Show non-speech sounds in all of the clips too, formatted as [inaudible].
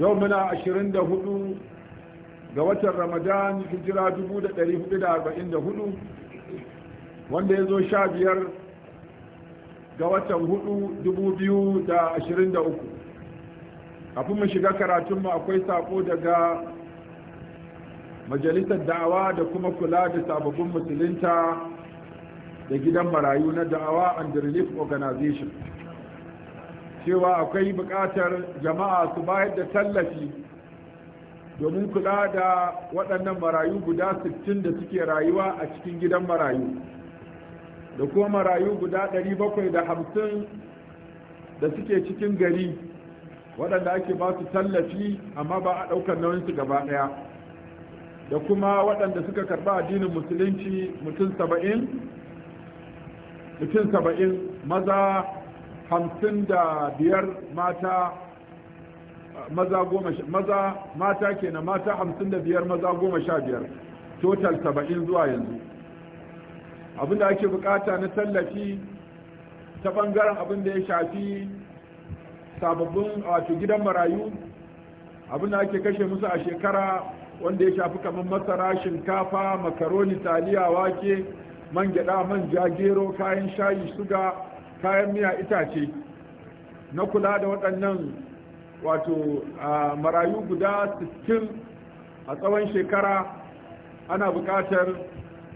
yau muna 24 ga watan ramadan hijira 1444 wanda ya zo 15 ga watan 4223 kafin mu shiga karatunmu akwai sako daga majalisar da'awa da kuma kula da sababbin musulunta da gidan marayu na da'awa and relief organization cewa akwai buƙatar jama'a su bayar da tallafi domin kula da waɗannan marayu guda 60 da suke rayuwa a cikin gidan marayu da kuma marayu guda 750 da suke cikin gari waɗanda ake ba su tallafi amma ba a ɗaukar nauyin su gaba ɗaya da kuma waɗanda suka karɓa addinin musulunci mutum saba'in maza hamsin da biyar mata maza goma maza mata kenan mata hamsin da biyar maza goma sha biyar total saba'in zuwa yanzu abinda ake bukata na tallafi ta bangaren abin da ya shafi sababbin wato gidan marayu abinda ake kashe musu a shekara wanda ya shafi kamar masara shinkafa makaroni taliya wake man gyada man jagero kayan shayi suga kayan miya itace na kula da waɗannan wato marayu guda 60 a tsawon shekara ana buƙatar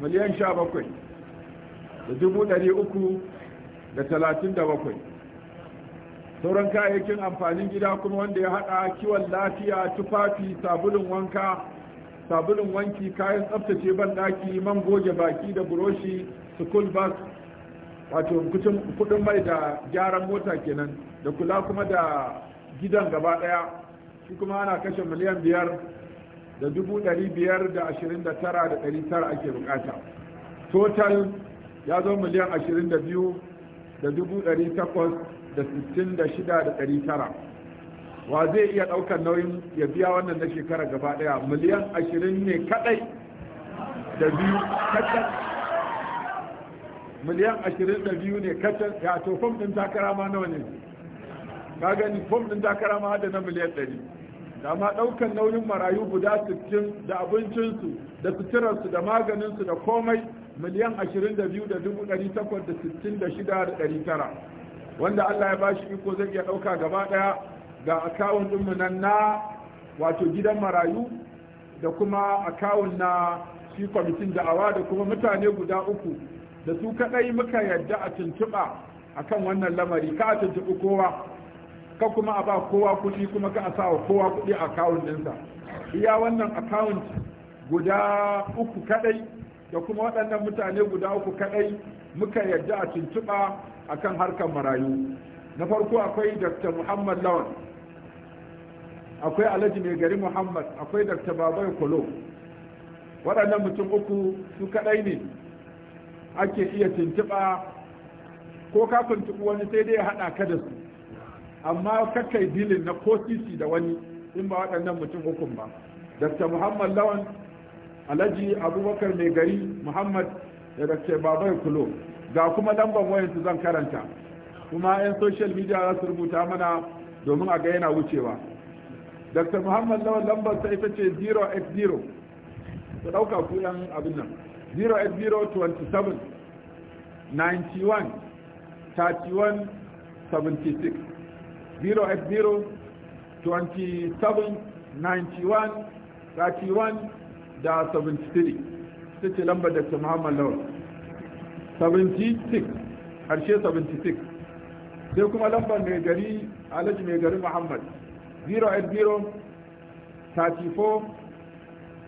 miliyan 17 da dubu sauran kayayyakin amfanin gida kuma wanda ya haɗa kiwon lafiya tufafi sabulun wanka sabulun wanki kayan tsaftace ban ɗaki man goge baki da buroshi su kulbas. wato kudin mai da gyaran mota kenan da kula kuma da gidan gaba daya shi kuma ana kashe miliyan biyar da dubu dari biyar da ashirin da tara da dari tara ake bukata total ya zo miliyan ashirin da biyu da dubu dari takwas da sittin da shida da dari tara wa zai iya daukar nauyin ya biya wannan na shekara gaba daya miliyan ashirin ne kadai da biyu kadai miliyan ashirin da biyu ne kacal ya to fom ɗin takara ma nawa ne ka gani fom ɗin takara ma da na miliyan ɗari da ma ɗaukan nauyin marayu guda sittin da abincinsu da suturarsu da maganinsu da komai miliyan ashirin da biyu da dubu ɗari takwas da sittin da shida da ɗari tara wanda allah ya bashi iko zai iya ɗauka gaba ɗaya ga akawun ɗinmu nan na wato gidan marayu da kuma akawun na shi kwamitin da'awa da kuma mutane guda uku da su kadai muka yadda a tuntuɓa kan wannan lamari ka a tuntuɓi kowa ka kuma a ba kowa kuɗi kuma ka a sa wa kowa kuɗi a akawun ɗinsa iya wannan akawun guda uku kadai da kuma waɗannan mutane guda uku kadai muka yadda a tuntuɓa kan harkar marayu na farko akwai dr muhammad lawan akwai alhaji mai gari muhammad akwai dr babai kolo waɗannan mutum uku su kaɗai ne ake iya tuntuɓa ko ka tuntuɓi wani sai dai ya haɗa ka da su amma kakai dilin na ko sisi da wani in ba waɗannan mutum hukun ba dr muhammad lawan alhaji abubakar mai gari muhammad da dr babai kulo ga kuma lambar wayansu zan karanta kuma 'yan social media za su rubuta mana domin a ga yana wucewa dr muhammad lawan lambar sa ita ce 0x0 ku ɗauka ku 'yan abin nan 08027 91 31 76 27 da 73 ita ce lambar da muhammad lawal 76 harshe 76 sai kuma lambar mai gari alhaji mai gari muhammad 080 34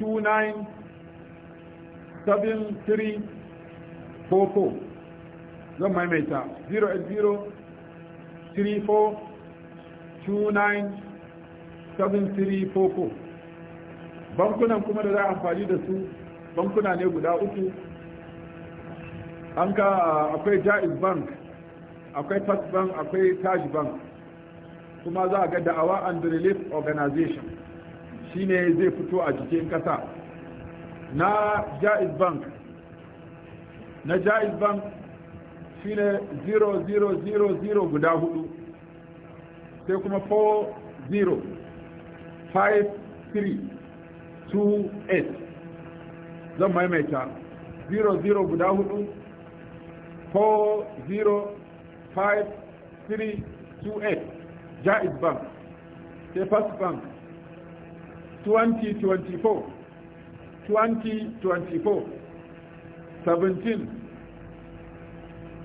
0809-7344 zan maimaita 0804-29-7344 bankunan kuma da za a amfani da su bankuna ne guda uku an ka ah, akwai jaiz bank akwai first bank akwai taj bank kuma za a ga da'awa and relief organization shine zai fito a jikin kasa na jaiz bank na jaiz bank shine 0000 guda hudu sai kuma 40 53 zan maimaita 00 guda hudu 40 53 jaiz bank sai first bank 0000 2024 2024 17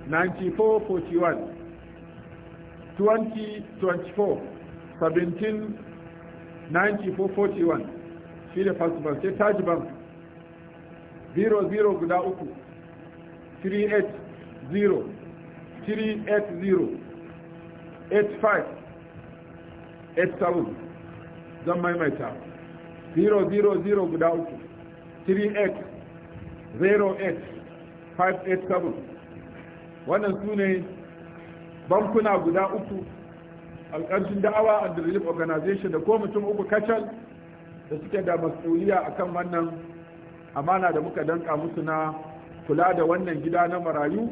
9441 2024 17 shi da fasibar sai tajiban 00 guda uku 380 380 85 87 zan maimaita 000 guda uku wannan su ne bankuna guda uku alƙarshen da'awa and relief organization da ko mutum uku kacal da suke da masuliya kan wannan amana da muka danka musu na kula da wannan gida na marayu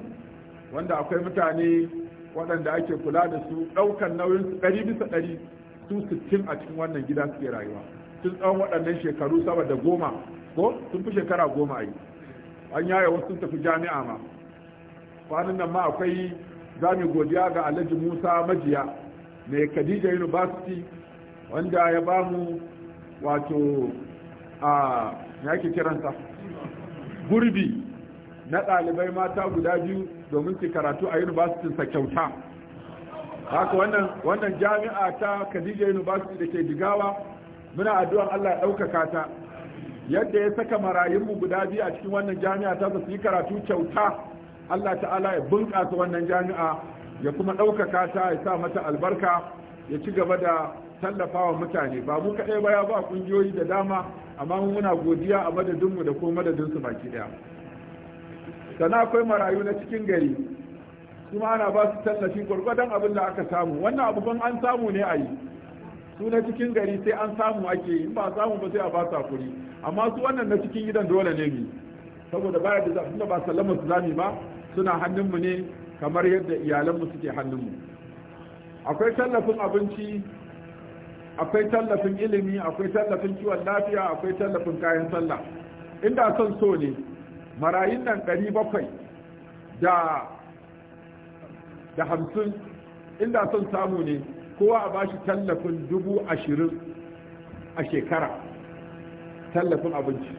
wanda akwai mutane waɗanda ake kula da su ɗaukar nauyin su ɗari bisa ɗari su sittin a cikin wannan gida suke rayuwa tun tsawon waɗannan shekaru sama da goma ko sun fi shekara goma yi an yaya wasu sun tafi jami'a ma kwanan nan ma akwai mu godiya ga alhaji musa majiya mai kadija university wanda ya ba mu wato a ke kiransa gurbi na ɗalibai mata guda biyu domin su karatu a university sa kyauta haka wannan jami'a ta kadija university da ke jigawa muna addu'an Allah ya ɗaukaka ta yadda ya saka marayunmu guda biyu a cikin wannan jami'a ta su yi karatu kyauta Allah ta'ala ya bunƙasa wannan jami'a ya kuma ɗaukaka ta ya sa mata albarka ya ci gaba da tallafawa mutane ba mu kaɗai ba ya ba ƙungiyoyi da dama amma muna godiya a madadinmu da kuma madadinsu baki ɗaya sana akwai marayu na cikin gari kuma ana ba su tallafi gwargwadon abin da aka samu wannan abubuwan an samu ne a yi su na cikin gari sai an samu ake yi ba samu ba sai a ba kuri amma su wannan na cikin gidan dole ne mu saboda baya da za ba sallama su zami ba suna hannunmu ne kamar yadda iyalanmu suke hannunmu akwai tallafin abinci akwai tallafin ilimi akwai tallafin kiwon lafiya akwai tallafin kayan sallah inda son so ne marayun nan ɗari bakwai da da hamsin inda son samu ne kowa a bashi tallafin dubu ashirin a shekara tallafin abinci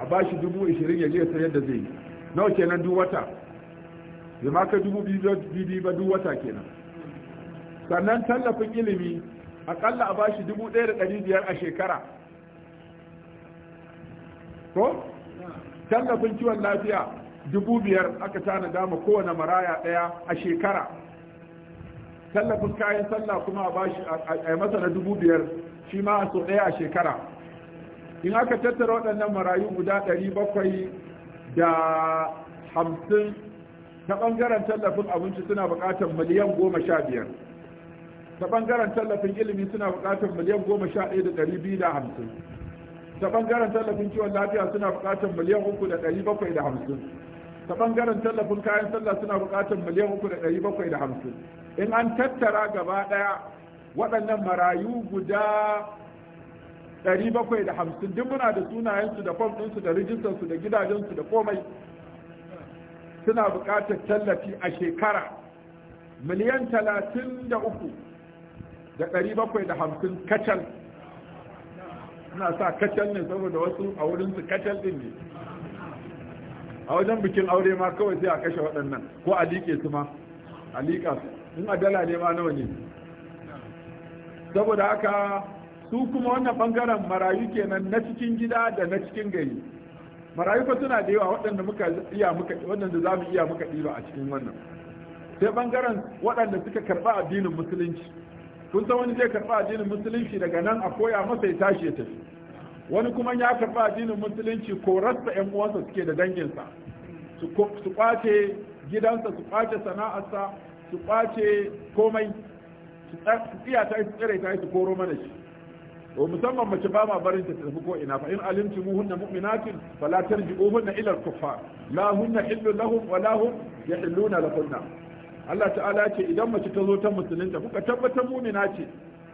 a bashi dubu ashirin ya jesa yadda zai yi nawa kenan duk wata bai ka dubu biyu ba duk wata kenan sannan tallafin ilimi akalla a bashi dubu ɗaya da ɗari biyar a shekara ko tallafin kiwon lafiya dubu biyar aka tana dama kowane maraya ɗaya a shekara tallafin kayan sallah kuma a bashi a masa na dubu biyar shi ma a so ɗaya a shekara in aka tattara waɗannan marayu guda ɗari bakwai da hamsin ta ɓangaren tallafin abinci suna buƙatar miliyan goma sha biyar ta ɓangaren tallafin ilimi suna buƙatar miliyan goma sha ɗaya da ɗari biyu da hamsin ta ɓangaren tallafin kiwon lafiya suna buƙatar miliyan uku da ɗari bakwai da hamsin ta bangaren tallafin kayan sallah suna bukatar miliyan uku da ɗari bakwai da hamsin in an tattara gaba ɗaya waɗannan marayu guda ɗari bakwai da hamsin duk muna da sunayensu da fom ɗinsu da rijistarsu da gidajensu da komai suna bukatar tallafi a shekara miliyan talatin da uku da ɗari bakwai da hamsin kacal Suna sa kacal ne saboda wasu a wurinsu kacal ɗin ne a wajen bikin aure ma kawai sai a kashe waɗannan ko a liƙe su ma a liƙa su in a dala ne ma nawa ne saboda haka su kuma wannan bangaren marayu kenan na cikin gida da na cikin gari marayu fa suna da yawa waɗanda muka iya muka waɗanda za mu iya muka ɗiba a cikin wannan sai bangaren waɗanda suka karɓa addinin musulunci kun san wani zai karɓa addinin musulunci daga nan a koya masa ya tashi ya tafi wani kuma ya karɓa addinin musulunci ko rasta yan uwansa suke da danginsa su kwace gidansa su kwace sana'arsa su kwace komai su tsiya ta su tsire ta su koro mana shi to musamman mace ba ma barin ta tafi ko ina fa in alimtu muhunna mu'minatin fala tarji'uhunna ila al-kuffar la hunna hillu lahum wa la hum yahilluna lahunna Allah ta'ala ce idan mace ta zo ta musulunta kuka tabbatar mu'mina ce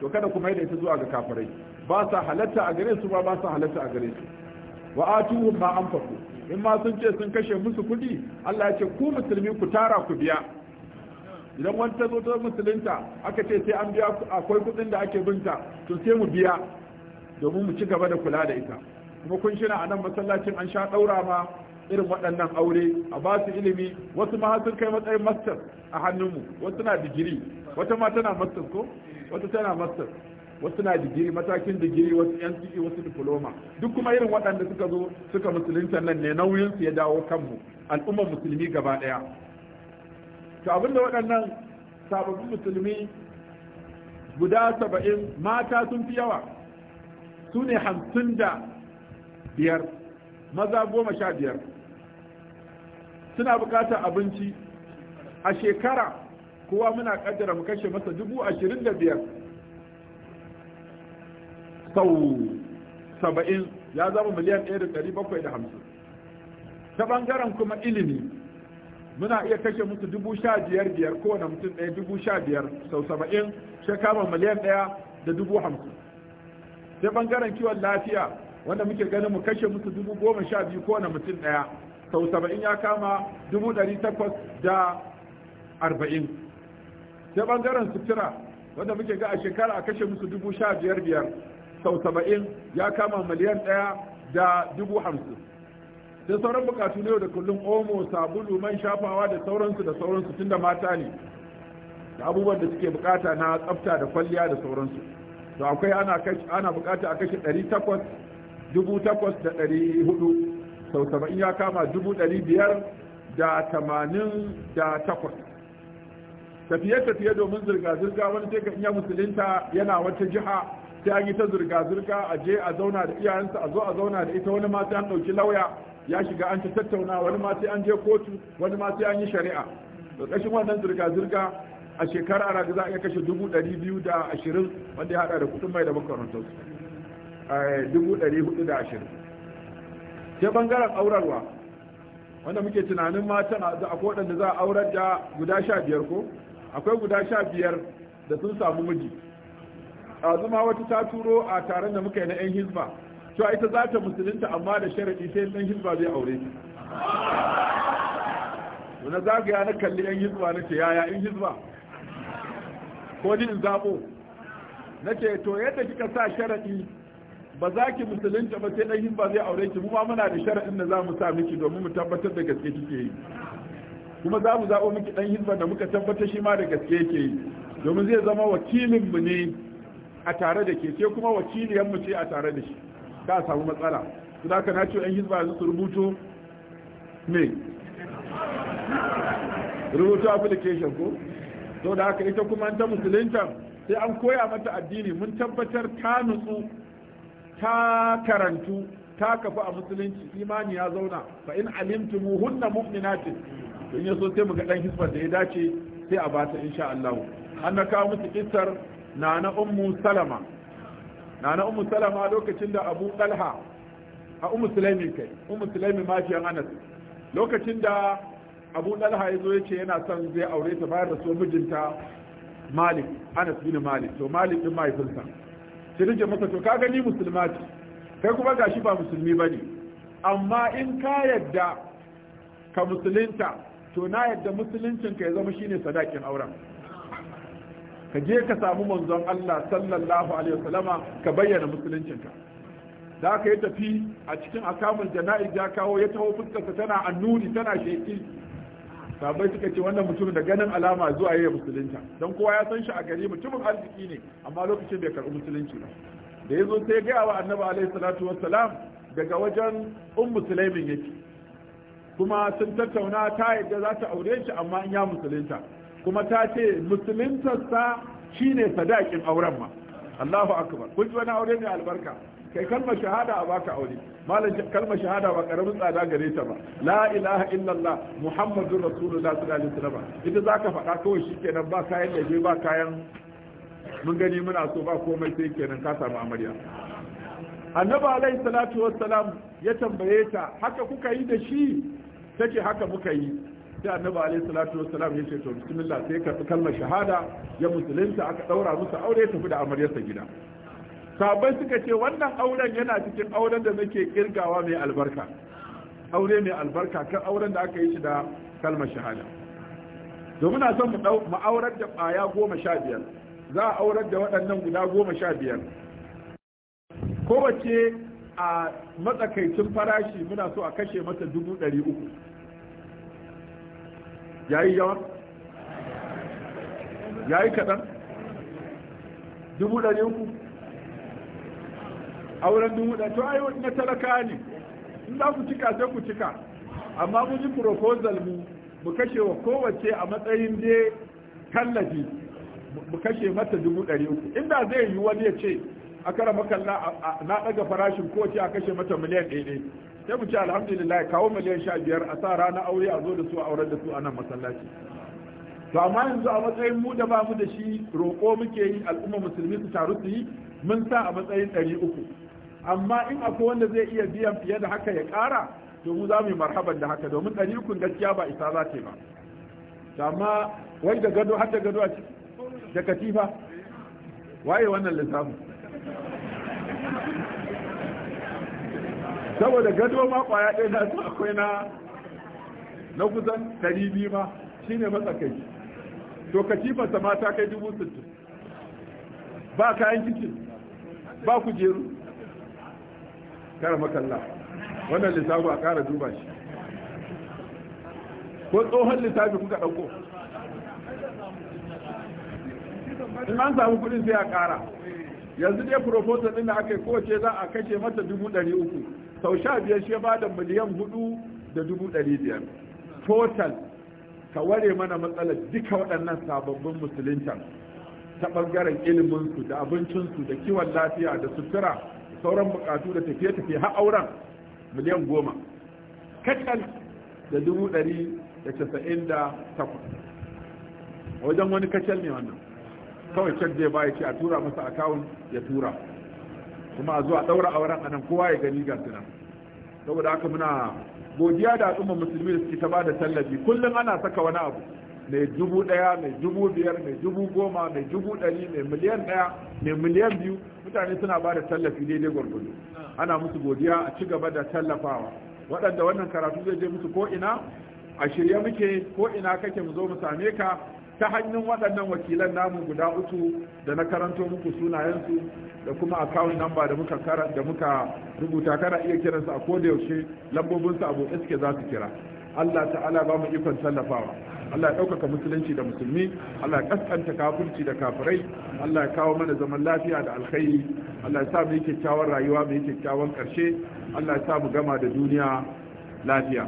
to kada kuma yadda da ita zuwa ga kafirai ba sa halatta a gare su ba ba sa halatta a gare su wa atuhum ma anfaqu in ma sun ce sun kashe musu kudi Allah ya ce ku musulmi ku tara ku biya idan wani ta zo ta musulunta aka ce sai an biya akwai kudin da ake binta to sai mu biya domin mu ci gaba da kula da ita kuma kun shina a nan masallacin an sha daura ma irin waɗannan aure a ba su ilimi wasu ma sun kai matsayin masters a hannunmu wasu na digiri wata ma tana masters ko wata tana masters wasu na digiri matakin digiri wasu NCE wasu diploma duk kuma irin waɗanda suka zo suka musulunta nan ne nauyin su ya dawo kanmu al'ummar musulmi gaba ɗaya to abinda waɗannan sababbin musulmi guda saba'in mata sun fi yawa su ne hamsin da biyar maza goma sha biyar suna bukatar abinci a shekara kowa muna kaddara mu kashe masa dubu ashirin da biyar sau saba'in ya zama miliyan ɗaya da ɗari bakwai da hamsin ta ɓangaren kuma ilimi muna iya kashe musu dubu sha biyar biyar kowane mutum ɗaya dubu sha biyar sau saba'in shekara miliyan ɗaya da dubu hamsin sai ɓangaren kiwon lafiya wanda muke ganin mu kashe musu dubu goma sha biyu kowane mutum ɗaya sau saba'in ya kama dubu ɗari takwas da arba'in sai ɓangaren sutura wanda muke ga a shekara a kashe musu dubu sha biyar biyar sau saba'in ya kama miliyan ɗaya da dubu hamsin sai sauran bukatu yau da kullum omo sabulu man shafawa da sauransu da sauransu tunda mata ne da abubuwan da suke bukata na tsafta da kwalliya da sauransu to akwai ana ana bukata a kashe ɗari takwas dubu takwas da ɗari hudu sau saba'in ya kama dubu ɗari biyar da tamanin da takwas tafiye-tafiye domin zirga-zirga wani sai ka iya musulunta yana wata jiha sai an yi ta zirga-zirga a je a zauna da iyayensa a zo a zauna da ita wani ma sai an ɗauki lauya ya shiga an ta tattauna wani ma sai an je kotu wani ma sai an yi shari'a to kashin wannan zirga-zirga a shekara ana za a iya kashe dubu ɗari biyu da ashirin wanda ya haɗa da kuɗin mai da makarantar su eh, dubu ɗari hudu da ashirin sai ɓangaren aurarwa wanda muke tunanin matan a ko waɗanda za a aurar da guda sha biyar ko akwai guda sha biyar da sun samu miji A zuma wata ta turo a taron da muka yi na yan hizba cewa ita za ta musulunta amma da sharaɗi sai ɗan hizba zai aure ta wani zagaya na kalli yan hizba na ce yaya yan hizba ko ni in zaɓo na ce to yadda kika sa sharaɗi ba za ki musulunta ba sai ɗan hizba zai aure ki mu ma muna da sharaɗin da za mu sa miki domin mu tabbatar da gaske kike yi kuma za mu zaɓo miki ɗan hizban da muka tabbatar shi ma da gaske yake yi domin zai zama wakilinmu ne a tare da ke ke kuma wakiliyanmu ce a tare da shi ka samu matsala su da aka nace ɗan hizba su rubuto me rubuto application ko to da aka ita kuma ta musulunta sai an koya mata addini mun tabbatar ta nutsu ta karantu ta kafa a musulunci imani ya zauna fa in alimtumuhunna mu'minatin to in yaso sai mu dan hisbar da ya dace sai a bata insha Allah an na kawo musu kissar nana ummu salama nana ummu salama lokacin da abu dalha a ummu sulaimi kai ummu sulaimi mafiyan anas lokacin da abu dalha ya zo ya ce yana son zai aure ta bayan rasuwar mijinta malik anas bin malik to malik din mahaifinsa sai rike masa to ka gani musulma ce kai kuma gashi ba musulmi bane amma in ka yadda ka musulunta to na yadda musuluncin ka ya zama shine sadakin auren ka je ka samu manzon Allah sallallahu alaihi wasallama ka bayyana musuluncin ka da aka yi tafi a cikin akamun jana'i ya kawo ya taho ka tana annuri tana sheki sabai suka ce wannan mutumin da ganin alama zuwa yayin musulunta don kowa ya san shi a gari mutumin arziki ne amma lokacin bai karɓi musulunci ba da yazo sai ya gaya wa annabi alaihi salatu wassalam daga wajen ummu sulaimin yake kuma sun tattauna ta yadda za ta aure shi amma in ya musulunta kuma ta ce musuluntarsa ne sadakin auren ma Allahu akbar kun ji wani aure ne albarka kai kalmar shahada a baka aure malam kalmar shahada ba karamin tsada gare ta ba la ilaha illallah muhammadur rasulullah sallallahu alaihi wasallam ita zaka faɗa kawai shikenan ba kayan laje ba kayan mun gani muna so ba komai sai kenan ka samu amarya annabi alaihi salatu wassalam ya tambaye ta haka kuka yi da shi ce haka muka yi sai annabi alayhi salatu wassalam ya ce to bismillah sai ka kalmar shahada ya musulunta aka daura musu aure tafi da amaryarsa gida sabai suka ce wannan auren yana cikin auren da nake kirgawa mai albarka aure mai albarka kan auren da aka yi shi da kalmar shahada domin a son mu aurar da ɓaya goma sha biyar za a aurar da waɗannan guda goma sha biyar kowace a matsakaicin farashi muna so a kashe mata dubu ɗari uku ya yi yawa ya yi kaɗan dubu ɗari uku auren dubu ɗari to ayi na talaka ne in za ku cika sai ku cika amma mun yi proposal mu mu kashe wa kowace a matsayin dai tallafi mu kashe mata dubu ɗari uku inda zai yi wani ya ce a kara makalla na daga farashin ko ce a kashe mata miliyan ɗaya ne sai mu ce alhamdulillah kawo miliyan sha biyar a sa rana aure a zo da su a auren da su a nan masallaci to amma yanzu a matsayin mu da ba mu da shi roƙo muke yi al'umma musulmi su taru su yi mun sa a matsayin ɗari uku amma in akwai wanda zai iya biyan fiye da haka ya ƙara to mu za mu yi marhaban da haka domin ɗari uku gaskiya ba isa za yi ba amma wai da gado har da gado a ciki da katifa waye wannan lissafin saboda gado ma kwaya ɗaya na su akwai na na kusan 200 ma shi ne matsakai to katifarsa ma ta kai dubu sittin, ba kayan kicin ba kujeru kara makalla wannan lissafi a kara duba shi ko tsohon lissafi kuka ɗauko in an samu kudin sai a kara yanzu dai proposal din da aka yi kowace za a kashe mata dubu ɗari uku sau sha biyar shi ba da miliyan hudu da dubu ɗari biyar total ka ware mana matsalar duka waɗannan sababbin musulunta ta ɓangaren iliminsu da abincinsu da kiwon lafiya da sutura sauran bukatu da tafiye-tafiye har auren miliyan goma kacal da dubu ɗari da casa'in da takwas wajen wani kacal ne wannan kawai cek zai ba ya ce a tura masa akawun ya tura kuma a zuwa daura auren anan kowa ya gani ga saboda haka muna godiya da al'ummar musulmi da suke ta bada tallafi kullum ana saka wani abu mai dubu ɗaya, mai dubu biyar mai dubu goma mai dubu dari mai miliyan daya mai miliyan biyu mutane suna bada tallafi daidai gwargwado ana musu godiya a ci gaba da tallafawa waɗanda wannan karatu zai je musu ko ina a shirye muke ko ina kake mu zo mu same ka ta hanyar waɗannan wakilan namu guda uku da na karanto muku sunayensu da kuma account number da muka da muka rubuta kana iya kiransu a koda yaushe lambobin lambobinsu abu suke za su kira Allah ta'ala ba mu ikon tallafawa Allah ya ɗaukaka musulunci da musulmi Allah ya ƙasƙanta kafirci da kafirai Allah ya kawo mana zaman lafiya da alkhairi Allah ya sa mu yi kyakkyawan rayuwa mu yi kyakkyawan ƙarshe Allah ya sa mu gama da duniya lafiya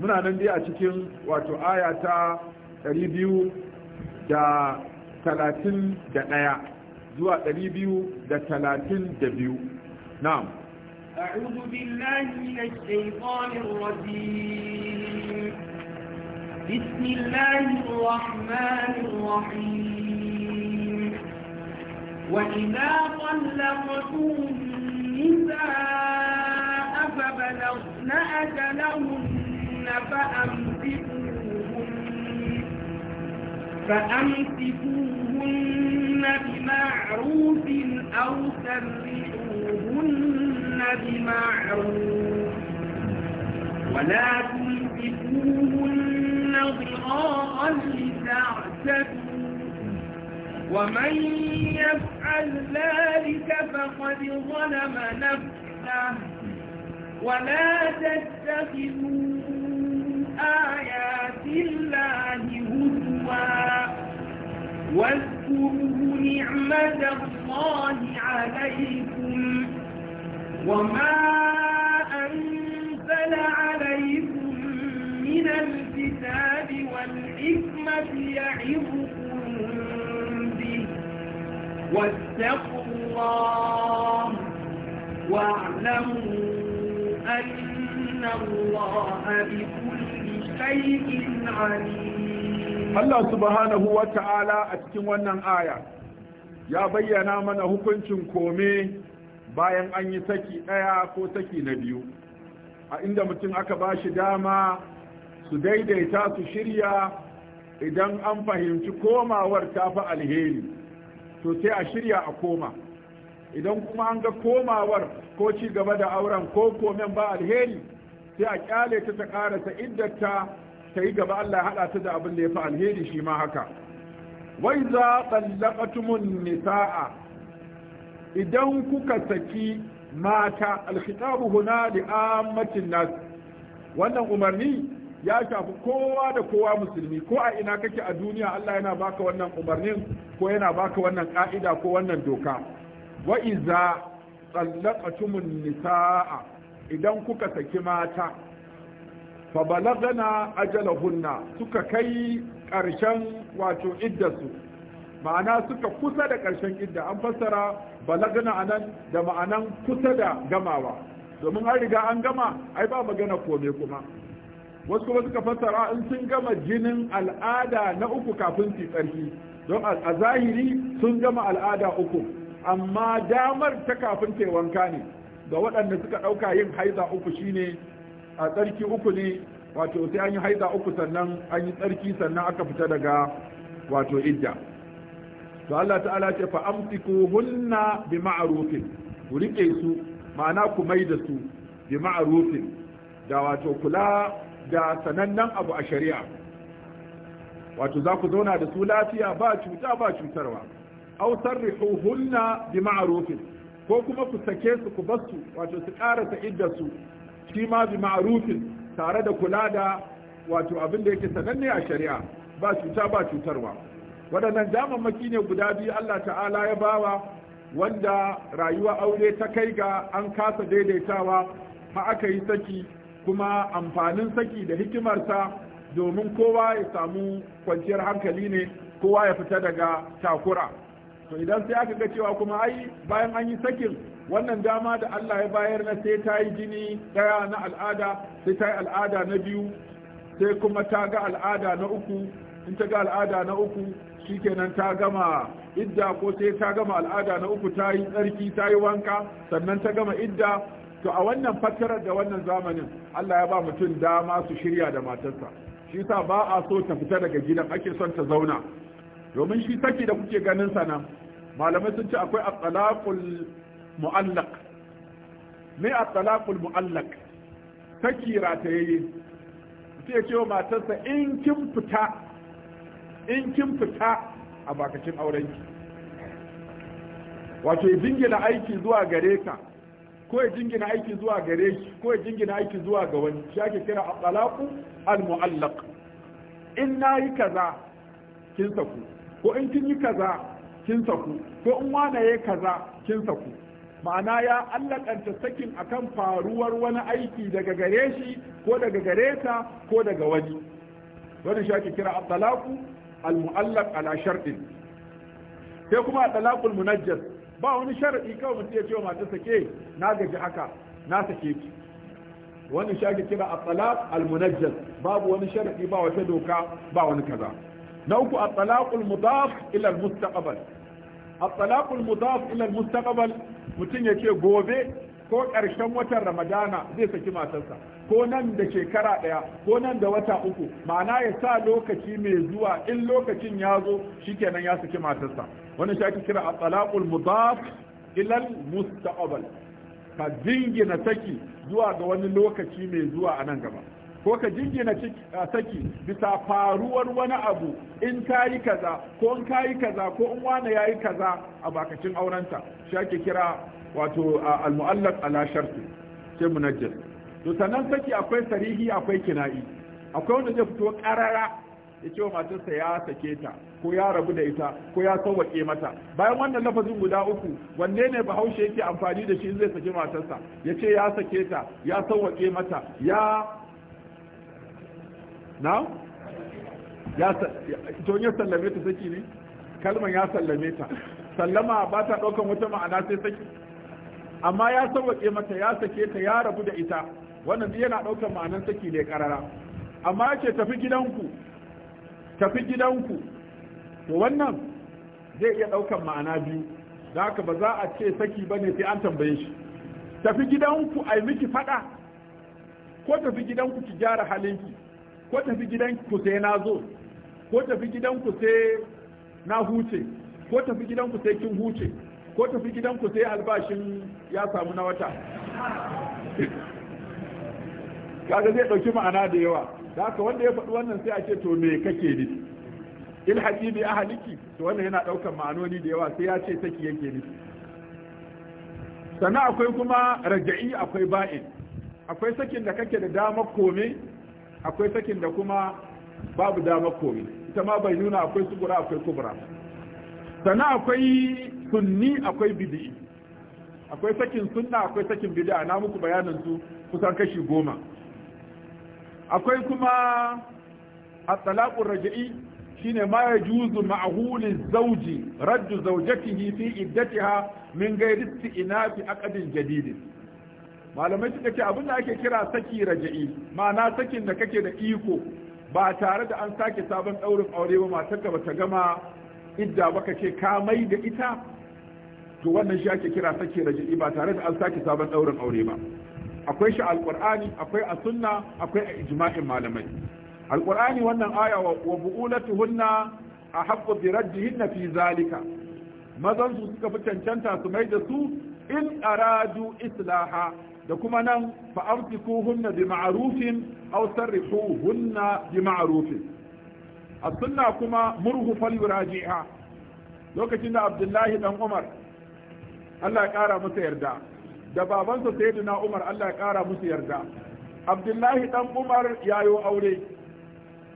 muna nan dai a cikin wato aya ta 231 zuwa 232 na'am أعوذ بالله من الشيطان الرجيم بسم الله الرحمن الرحيم وإذا طلقتم النساء فبلغن أجلهن فأمسكوا فأمسكوهن بمعروف أو سرحوهن بمعروف ولا تمسكوهن ضرارا لتعتدوا ومن يفعل ذلك فقد ظلم نفسه ولا تتخذوا آيات الله واذكروا نعمة الله عليكم وما أنزل عليكم من الكتاب والحكمة يعظكم به واتقوا الله واعلموا أن الله بكل شيء عليم Allah subhanahu wa ta'ala a cikin wannan aya ya bayyana mana hukuncin kome bayan an yi saki ɗaya ko saki na biyu a inda mutum aka ba shi dama su daidaita su shirya idan an fahimci komawar ta fi alheri to sai a shirya a koma idan kuma an ga komawar ko ci gaba da auren ko komen ba alheri sai a kyale ta ta karasa iddata ta yi gaba Allah ya haɗa ta da abin da ya fi alheri shi ma haka wai za tsallakatumun nisa'a idan kuka saki mata alkhitabu huna da ammatin nas wannan umarni ya shafi kowa da kowa musulmi ko a ina kake a duniya Allah yana baka wannan umarnin ko yana baka wannan ka'ida ko wannan doka wa iza tsallakatumun nisa'a idan kuka saki mata fabalagana ajalahunna suka kai ƙarshen wato iddarsu ma'ana suka kusa da ƙarshen idda an fassara balagana anan da ma'anan kusa da gamawa domin an riga an gama ai ba magana kome kuma wasu kuma suka fassara in sun gama jinin al'ada na uku kafin su tsarki don a zahiri sun gama al'ada uku amma damar ta kafin ta wanka ne ga waɗanda suka ɗauka yin haiza uku shine a tsarki uku ne wato sai an yi haida uku sannan an yi tsarki sannan aka fita daga wato idda to Allah ta'ala ce fa amsiku hunna bi ma'rufin ku rike su ma'ana ku mai da su bi ma'rufin da wato kula da sanannen abu a shari'a wato za ku zauna da su lafiya ba cuta ba cutarwa aw hunna bi ma'rufin ko kuma ku sake su ku basu wato su karasa idda su shi ma bi ma'rufin tare da kula da wato abin da yake sananne a shari'a ba cuta ba cutarwa waɗannan damammaki ne guda biyu Allah ta'ala ya bawa wanda rayuwa aure ta kai ga an kasa daidaitawa ha aka yi saki kuma amfanin saki da hikimarsa domin kowa ya samu kwanciyar hankali ne kowa ya fita daga takura to idan sai aka ga cewa kuma ai bayan an yi sakin wannan dama da Allah ya bayar na sai ta yi jini daya na al'ada sai ta yi al'ada na biyu sai kuma ta ga al'ada na uku in ta ga al'ada na uku shikenan ta gama idda ko sai ta gama al'ada na uku ta yi tsarki ta yi wanka sannan ta gama idda to a wannan fassarar da wannan zamanin Allah ya ba mutum dama su shirya da matarsa shi sa ba a so ta fita daga gidan ake son ta zauna domin shi saki da kuke ganin sa nan malamai sun ce akwai at mu'allak. mu'allaq me at-talaqul mu'allaq ta yayi sai ya ce wa matarsa in kin fita in kin fita a bakacin aurenki wato ya jingina aiki zuwa gare ka ko ya jingina aiki zuwa gare shi ko ya jingina aiki zuwa ga wani shi ake kira at al-mu'allaq in nayi kaza kin saku ko in kin yi kaza kin saku ko in wane ya kaza kin saku ma'ana ya allakanta sakin akan faruwar wani aiki daga gare shi ko daga gare ta ko daga wani wani shi ake kira at al ala Shardin? sai kuma at-talaqul munajjas ba wani sharadi kawai mutum ya ce wa matarsa ke na gaji haka na sake ki wani shi kira at al-munajjas babu wani sharadi ba wata doka ba wani kaza na uku at-talaqul mudaf ilal mustaqbal at mudaf ilal mustaqbal mutum yace gobe ko ƙarshen watan ramadana zai saki matarsa ko nan da shekara ɗaya ko nan da wata uku ma'ana ya sa lokaci mai zuwa in lokacin ya zo shikenan ya saki matarsa wani shi ake kira at-talaqul mudaf ilal mustaqbal ka dingina saki zuwa ga wani lokaci mai zuwa a nan gaba ko ka jingina saki bisa faruwar wani abu in ka yi kaza ko in ka yi kaza ko in wani ya yi kaza a bakacin aurenta shi ake kira wato al-mu'allaq ala sharti sai munajjal to sannan saki akwai sarihi akwai kina'i akwai wanda zai fito karara ya ce wa matarsa ya sake ta ko ya rabu da ita ko ya sauwaƙe mata bayan wannan lafazin guda uku wanne ne bahaushe yake amfani da shi zai saki matarsa ya ce ya sake ta ya sauwaƙe mata ya na ya to sallame ta saki ne Kalman ya sallame ta sallama ba ta ɗaukan wata ma'ana sai saki amma ya sauwaƙe mata ya sake ta ya rabu da ita wannan yana ɗaukan ma'anan saki ne ƙarara. amma ce tafi gidanku tafi gidanku to wannan zai iya ɗaukan ma'ana biyu da haka ba za a ce saki ba ne sai an tambaye shi tafi gidanku ai miki faɗa. ko tafi gidanku ki gyara halinki ko tafi gidan ku sai na zo ko tafi gidan sai na huce ko tafi gidan sai kin huce ko tafi gidan sai albashin ya samu na wata [laughs] kaga zai dauki ma'ana da yawa da haka wanda ya faɗi wannan sai a ce to me kake ni in haƙi ahliki to wannan yana ɗaukar ma'anoni da yawa sai ya ce saki yake ni. sana akwai kuma raj'i akwai ba'in akwai sakin da kake da dama kome akwai sakin da kuma babu dama komi ita ma bai nuna akwai sugura akwai kubra sana akwai sunni akwai bid'i akwai sakin sunna akwai sakin bid'a na muku bayanin su kusan kashi goma akwai kuma at-talaqur raj'i shine ma juzu ma'hul zawji raddu zawjatihi fi iddatiha min ina isti'nafi aqdin jadidin malamai suka ce abin da ake kira saki raja'i ma'ana sakin da kake da iko ba tare da an sake sabon ɗaurin aure ba matarka ba bata gama idda ba ka ce ka mai da ita to wannan shi ake kira saki raja'i ba tare da an sake sabon ɗaurin aure ba akwai shi alqur'ani akwai a sunna akwai a ijma'in malamai alqur'ani wannan aya wa bu'ulatuhunna ahaqqu bi raddihinna fi zalika mazan su suka fi cancanta su mai da su in aradu islaha da kuma nan hunna bi ma'rufin aw hunna bi ma'rufin as kuma murhu falyuraji'a lokacin da Abdullahi dan Umar Allah ya kara masa yarda da babansa Sayyidina Umar Allah ya kara musu yarda Abdullahi dan Umar yayo aure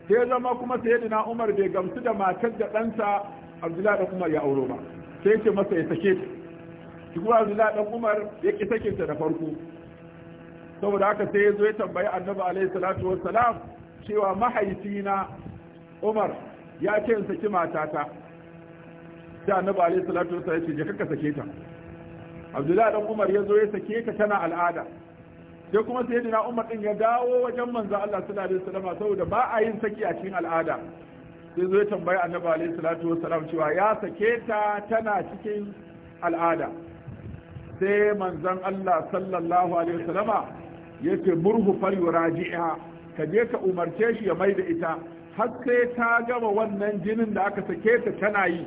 sai zama kuma Sayyidina Umar bai gamsu da matar da ɗansa Abdullahi dan Umar ya auro ba sai ce masa ya sake ta shi kuma Abdullahi dan Umar ya ki sake ta da farko saboda haka sai ya zo ya tambayi annabi alaihi salatu wassalam cewa mahaifina umar ya ce in saki matata sai annabi alaihi salatu wassalam ya ce je ka sake ta abdullahi dan umar ya zo ya sake ta tana al'ada sai kuma dina umar din ya dawo wajen manzo Allah sallallahu alaihi wasallam saboda ba a yin saki a cikin al'ada sai zo ya tambayi annabi alaihi salatu wassalam cewa ya sake ta tana cikin al'ada sai manzon Allah sallallahu alaihi wasallama yace murhu fal yuraji'a ka je ka umarce shi ya mai da ita har sai ta gama wannan jinin da aka sake ta tana yi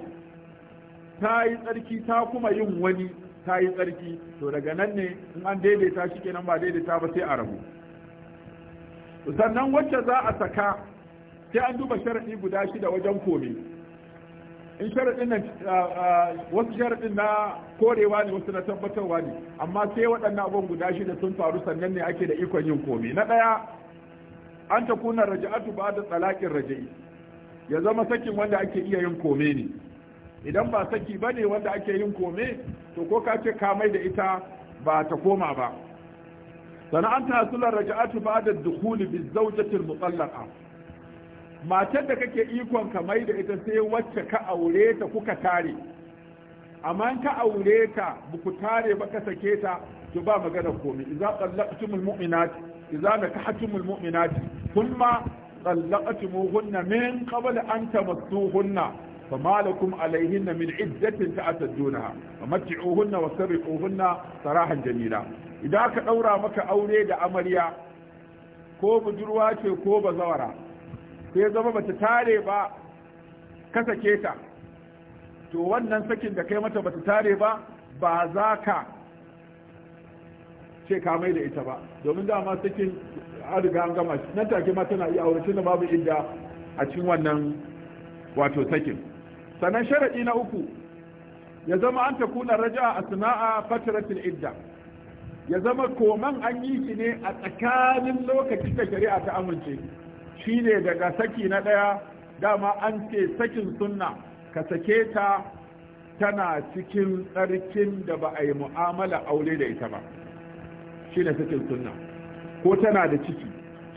ta yi tsarki ta kuma yin wani ta yi tsarki to daga nan ne in an daidaita shi kenan ba daidaita ba sai a rabu sannan wacce za a saka sai an duba sharaɗi guda shida wajen kome in sharaɗin nan wasu sharaɗin na korewa ne wasu na tabbatarwa ne amma sai waɗannan abubuwan guda shida sun faru sannan ne ake da ikon yin komai na ɗaya an ta kuna raja'atu ba da tsalaƙin raja'i ya zama sakin wanda ake iya yin kome ne idan ba saki ba ne wanda ake yin kome to ko ka ce kamai da ita ba ta koma ba sana'anta hasular raja'atu ba da dukuli bi zaujatil matar da kake ikon ka mai da ita sai wacce ka aure ta kuka tare amma in ka aure ta ku tare ba ka sake ta to ba magana komai idza qallaqtumul mu'minat idza nakahtumul mu'minat thumma qallaqtumuhunna min qabl an tamassuhunna فما لكم alayhinna min iddatin ta'tadunha ومتعوهن wasarrihuhunna sarahan Jamila. idan ka ɗaura maka aure da amarya ko budurwa ce ko bazawara sai zama bata tare ba ka sake ta to wannan sakin da kai mata bata tare ba ba za ka ce ka mai da ita ba domin dama sakin an riga an gama shi nan take ma tana iya aure tunda babu inda a cikin wannan wato sakin sannan sharadi na uku ya zama an takuna raja a sana'a fatratul idda ya zama koman an yi shi ne a tsakanin lokacin da shari'a ta amince shi ne daga saki na ɗaya dama an ce sakin sunna ka sake ta tana cikin tsarkin da ba a yi mu'amala aure da ita ba shi ne sakin sunna ko tana da ciki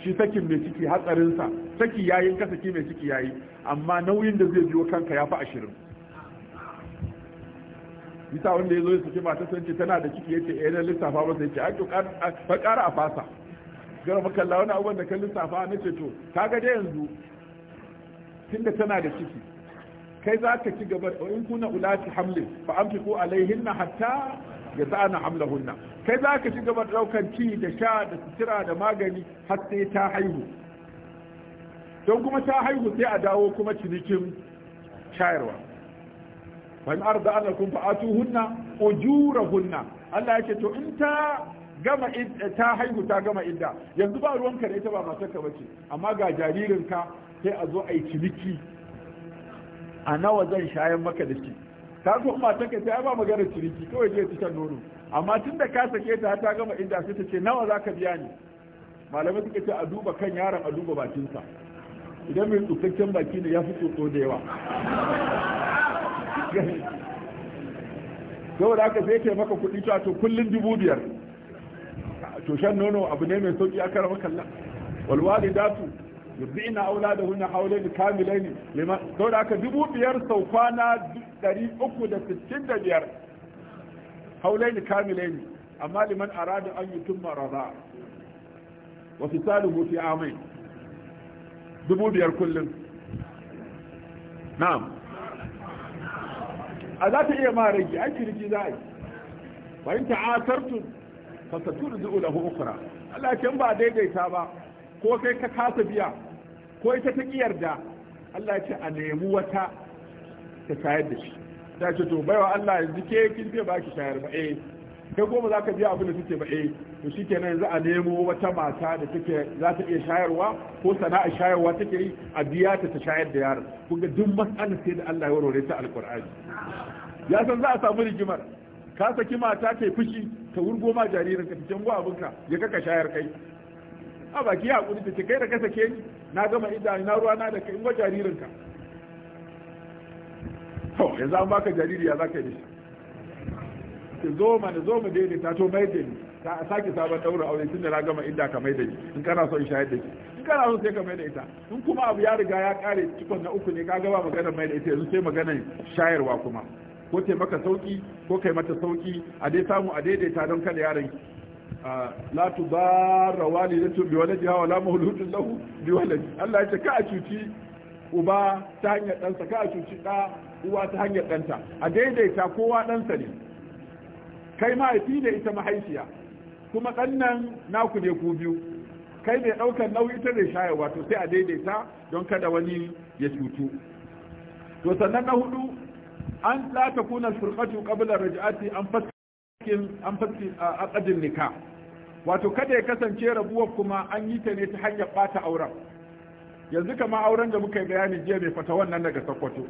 shi sakin mai ciki hatsarinsa saki yayi ka saki mai ciki yayi amma nauyin da zai biyo kanka ya fi ashirin bisa wanda ya zo ya saki mata sun tana da ciki ya ce eh na lissafa masa yake? ce ƙara a fasa gara makalla wani abubuwan da kan lissafa na ce to ta dai yanzu tunda tana da ciki kai za ka ci gaba in kuna ulati hamlin fa amfiku na hatta ya hamla hunna kai za ka ci gaba da daukan ci da sha da sutura da magani har sai ta haihu don kuma ta haihu sai a dawo kuma cinikin shayarwa fa in arda hunna fa atuhunna hunna Allah ce to in ta gama ta haihu ta gama idda yanzu ba ruwanka da ita ba matarka bace amma ga jaririnka sai a zo a yi ciniki a nawa zan shayar maka da shi ta ko matarka ta ba magana ciniki kawai je ta shan nono amma tun da ka sake ta ta gama idda sai ta ce nawa za ka biya ni malamai suka ce a duba kan yaron a duba bakinsa idan mai tsukakken baki ne ya fi tsotso da yawa [laughs] saboda haka sai ke maka kuɗi to kullum dubu biyar to shan nono abu ne mai sauki aka rama kalla walwalidatu yurdina auladahunna hawlayn kamilayn liman saboda aka dubu biyar sau kwana 365 hawlayn kamilayn amma liman arada an yutimma rada wa fisaluhu fi amain dubu biyar kullum na'am a za ta iya ma rage aiki rigi za a yi bayan ta'atartun da lahu ukhra Allah kin ba daidaita ba ko kai ka kasa biya ko ita ta da. Allah ce a nemi wata ta tayar da shi da ce to baiwa Allah yanzu ke kin ce ba ki tayar ba eh kai goma za ka biya abin da suke ba eh to shikenan yanzu a nemo wata mata da take za ta iya shayarwa ko sana'a shayarwa take yi a biya ta ta shayar da yaron kun ga duk matsalar sai da Allah ya warware ta alqur'ani ya san za a samu rigimar ka saki mata ta fushi ta wurgo ma jaririn ka cikin gwa abinka ya kaka shayar kai a baki ya hakuri ta ce kai da ka sake ni na gama idan na ruwa na da kai gwa jaririn ka to yanzu an baka jariri ya zaka yi ki zo mana zo mu ta to mai da ni ta sake sabon daura aure tunda na gama idan ka mai da ni in kana so in shayar da ki in kana so sai ka mai da ita in kuma abu ya riga ya kare cikon na uku ne ka gaba magana mai da ita yanzu sai magana shayarwa kuma ko ta maka sauki ko kai mata sauki a dai samu a daidaita don kada yaron la tudarra walidatun bi waladiha wala mawludun lahu bi waladi Allah ya ce ka a cuci uba ta hanyar ɗansa ka a cuci ɗa uwa ta hanyar ɗanta a daidaita kowa ɗansa ne kai mahaifi da ita mahaifiya kuma ɗan naku ne ku biyu kai mai ɗaukar nauyi ta zai shayarwa to sai a daidaita don kada wani ya cutu to sannan na hudu an la ta kuna firqatu qabla raj'ati an faskin an faskin aqdin nikah wato kada ya kasance rabuwar kuma an yi ta ne ta hanyar bata auren yanzu kama auren da muka yi bayani jiya mai fata wannan daga sakwato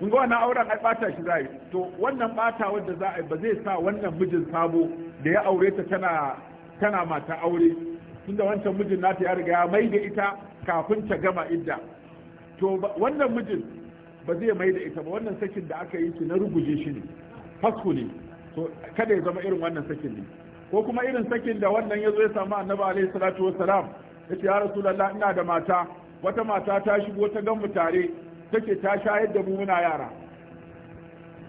In ga wannan auren ai bata shi zai to wannan bata wanda za a ba zai sa wannan mijin sabo da ya aure ta tana tana mata aure tunda wancan mijin nata ya riga ya mai da ita kafin ta gama idda to wannan mijin ba zai mai da ita ba wannan sakin da aka yi ki na ruguje shi ne fasku ne to kada ya zama irin wannan sakin ne ko kuma irin sakin da wannan ya zo ya samu annabi alaihi salatu wassalam yace ya rasulullah ina da mata wata mata ta shigo ta gan mu tare take ta shayar da mu muna yara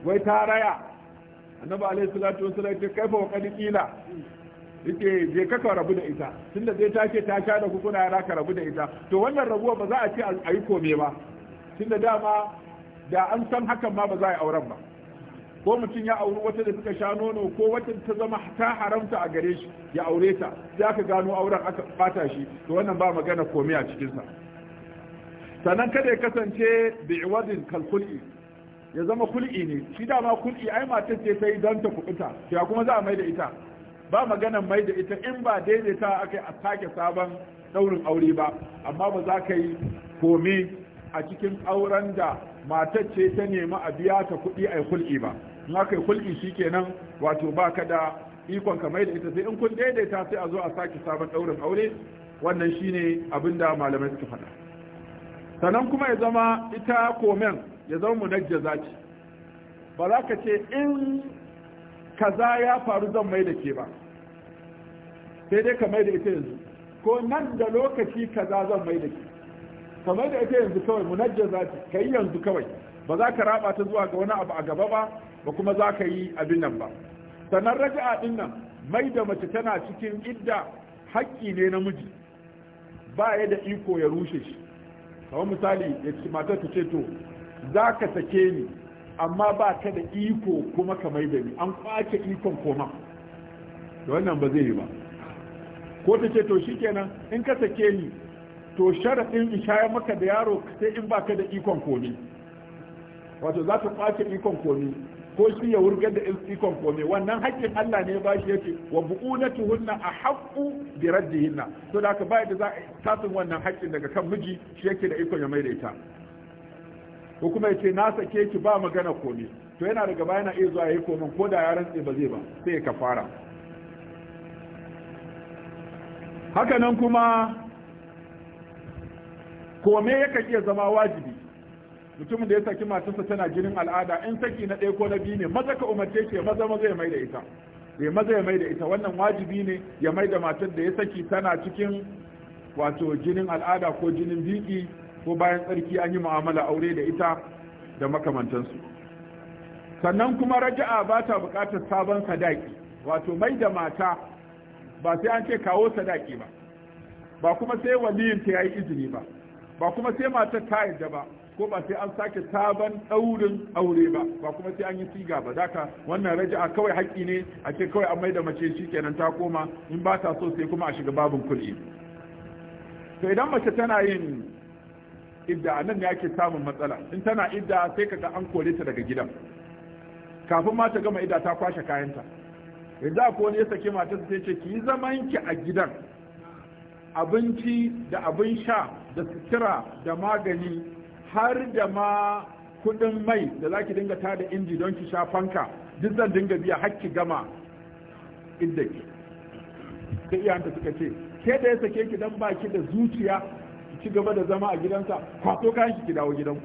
wai ta raya annabi alaihi salatu wassalam ya kaifa wa kadila yake je ka ka rabu da ita tunda dai ta ce ta sha da ku kuna yara ka rabu da ita to wannan rabuwa ba za a ce a yi kome ba tunda dama da an san hakan ma ba za a yi auren ba ko mutum ya auri wata da suka sha nono ko wata ta zama ta haramta a gare shi ya aure ta sai aka gano auren aka bata shi to wannan ba magana komai a cikinsa sannan kada ya kasance iwadin kalkul'i ya zama kul'i ne shi dama kul'i ai matar ce ta yi don ta kubuta ya kuma za a mai da ita ba magana mai da ita in ba daidaita aka a sake sabon daurin aure ba amma ba za ka yi komi a cikin auren da matar ce ta nemi a biya ta kuɗi a kulki ba in aka yi kulki shi kenan wato ba ka da ikon kamar da ita sai in kun daidaita sai a zo a sake sabon ɗaurin aure wannan shi ne abin da malamai suka faɗa sannan kuma ya zama ita komen ya zama za ce ba za ka ce in kaza ya faru zan mai da ke ba sai dai ka mai da ita yanzu ko nan da lokaci kaza zan mai da ke kamar da ita yanzu kawai za ka kai yanzu kawai ba za ka raba ta zuwa ga wani abu a gaba ba ba kuma za ka yi abin nan ba sannan raja'a din nan mai da mace tana cikin idda haƙƙi ne namiji ba ya da iko ya rushe shi kamar misali ya ce mata ta ce to za ka sake ni amma ba ka da iko kuma ka mai da ni an kwace ikon koma da wannan ba zai yi ba ko ta ce to shikenan in ka sake ni to sharaɗin in shayar maka da yaro sai in baka da ikon komi wato za ta kwace ikon komi ko shi ya wurgar da ikon komi wannan haƙƙin Allah ne ba shi yake wa bu'unatuhunna a haƙƙu bi raddihinna to da ka ba da za a tasin wannan haƙƙin daga kan miji shi yake da ikon ya maida ita ko kuma yace na sake ki ba magana komi to yana daga baya yana iya zuwa yayi komin ko da yaran sai ba zai ba sai ya kafara haka nan kuma kome yakan iya zama wajibi mutumin da ya saki matarsa tana jinin al'ada in saki na ɗaya ko na biyu ne maza ka umarce shi maza maza ya mai da ita ya maza ya mai da ita wannan wajibi ne ya mai da matar da ya saki tana cikin wato jinin al'ada ko jinin biki ko bayan tsarki an yi mu'amala aure da ita da makamantansu sannan kuma raja'a ba ta buƙatar sabon sadaki wato mai da mata ba sai an ce kawo sadaki ba ba kuma sai waliyin ta yi izini ba ba kuma sai matar ta yarda ba ko ba sai an sake sabon ɗaurin aure ba ba kuma sai an yi siga ba daka wannan raja'a kawai haƙƙi ne a ce kawai an mai da mace shi kenan ta koma in ba ta so sai kuma a shiga babin kul'i to idan mace tana yin idda a nan ne ake samun matsala in tana idda sai kaga an kore ta daga gidan kafin ma ta gama idda ta kwashe kayanta yanzu akwai wani ya sake matar sai ce ki yi ki a gidan abinci da abin sha da sutura da magani har da ma kudin mai da za ki dinga da inji don ki sha fanka duk zan dinga biya hakki gama inda ke da iyanta suka ce ke da ya sake ki dan baki da zuciya ki ci gaba da zama a gidansa kwato kayan ki dawo gidan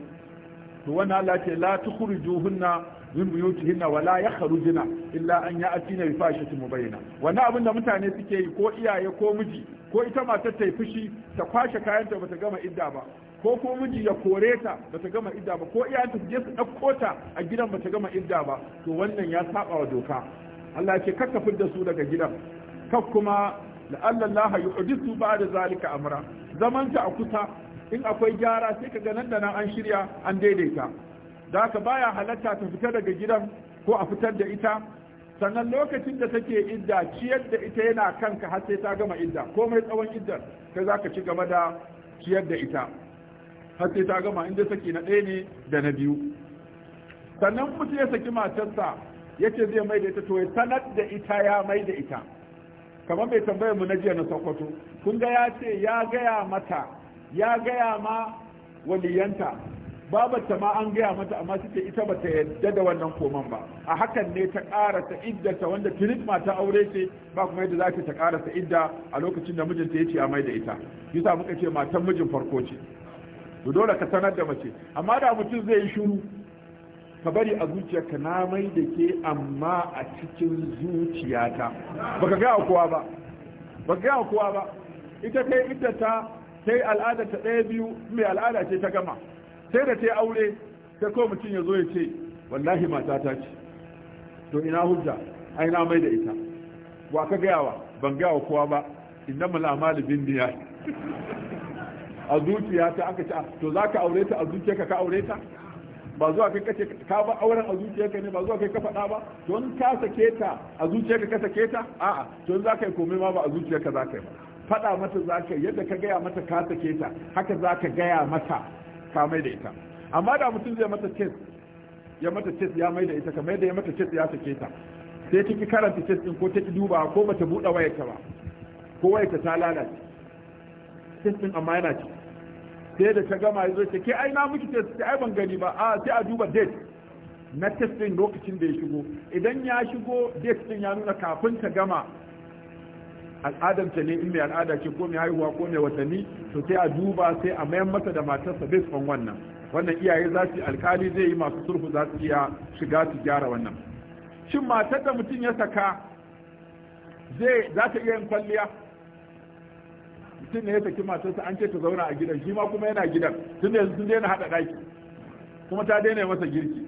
to wannan Allah ce la tukhrijuhunna min buyutihinna wala yakhrujna illa an ya'tina bi fashatin mubayyana wannan abin da mutane suke yi ko iyaye ko miji ko ita matar ta yi fushi ta kwashe kayanta bata gama idda ba ko ko miji ya kore ta bata gama idda ba ko iyayenta su je su ɗauko ta a gidan bata gama idda ba to wannan ya saba wa doka Allah ce kakka da su daga gidan kar kuma la'alla Allah ba ba'da zalika amra zamanta a kusa in akwai gyara sai ka ga nan da nan an shirya an daidaita da haka baya halatta ta fita daga gidan ko a fitar da ita sannan lokacin da take idda ciyar da ita yana kanka har sai ta gama idda komai tsawon iddar kai zaka ci gaba da ciyar da ita har sai ta gama inda saki na ɗaya ne da na biyu sannan mutum ya saki matarsa ce zai mai da ita to ya sanar da ita ya mai da ita kamar bai tambayar mu na jiya na sokoto kun ga ya ce ya gaya mata ya gaya ma waliyanta babarta ma an gaya mata amma suke ita bata yadda da wannan koman ba a hakan ne ta karasa iddata wanda tirit ta aure ce ba kuma yadda za ta ta idda a lokacin da mijinta ya ce a mai da ita yasa muka ce matan mijin farko ce to dole ka sanar da mace amma da mutum zai yi shiru ka bari a zuciyarka na mai da ke amma a cikin zuciyata baka gaya kowa ba baka gaya kowa ba ita kai iddata sai al'ada ta ɗaya biyu mai al'ada ce ta gama sai da ta yi aure sai ko mutum ya zo ya ce wallahi mata ta ce to ina hujja ai na mai da ita wa ka gayawa ban gayawa kowa ba inna mal amalu bin niyyah a zuciya ta aka ce ah, to za ka aure ta a zuciya ka ka aure ta ba zuwa kai kace ka ba auren a zuciya ka ne ba zuwa kai ka faɗa ba to in ka sake ta a zuciya ka ka sake ta a'a to in za ka yi komai ma ba a zuciya ka za ka yi faɗa mata za ka yadda ka gaya mata ka sake ta haka za ka gaya mata ka mai da ita amma da mutum zai mata test ya mata test ya mai da ita kamar da ya mata test ya sake ta sai ta ki karanta test din ko ta ki duba ko bata buɗe wayarta ba ko wayarta ta lalace test din amma yana ci sai da ta gama yazo ce ta ke ai na miki test sai ai ban gani ba a ah, sai a duba date na test din lokacin da ya shigo idan ya shigo date din ya nuna kafin ta gama al'adanta ne in mai al'ada ce ko mai haihuwa ko mai watanni to sai a duba sai a mayan masa da matarsa bai on wannan wannan iyaye za su alkali zai yi masu sulhu za su iya shiga su gyara wannan shin matar da mutum ya saka zai za ta iya yin kwalliya mutum ne ya saki matarsa an ce ta zauna a gidan shi ma kuma yana gidan tun da yanzu sun daina haɗa ɗaki kuma ta daina masa girki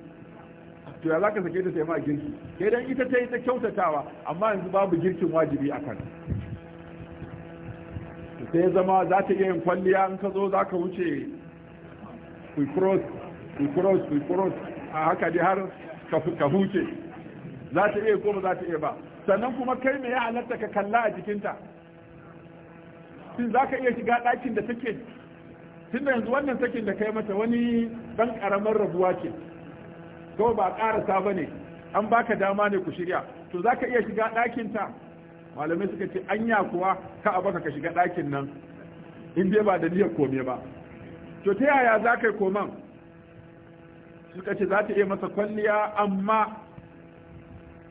to ya za ka sake ta sai ma girki sai dan ita ta yi ta kyautatawa amma yanzu babu girkin wajibi a kan sai ya zama za ta iya yin kwalliya in ka zo za ka wuce kwikros kwikros a haka dai har ka huce za ta iya ko ba za ta iya ba sannan kuma kai me ya halatta ka kalla a jikinta shin za ka iya shiga ɗakin da take da yanzu wannan sakin da kai mata wani ɗan ƙaramar rabuwa ce ko ba ƙarasa ba ne an baka dama ne ku shirya to za ka iya shiga ɗakinta malamai suka ce anya kuwa ka a baka ka shiga ɗakin nan in dai ba da niyyar kome ba to ta yaya za ka yi koman suka ce za ta iya masa kwalliya amma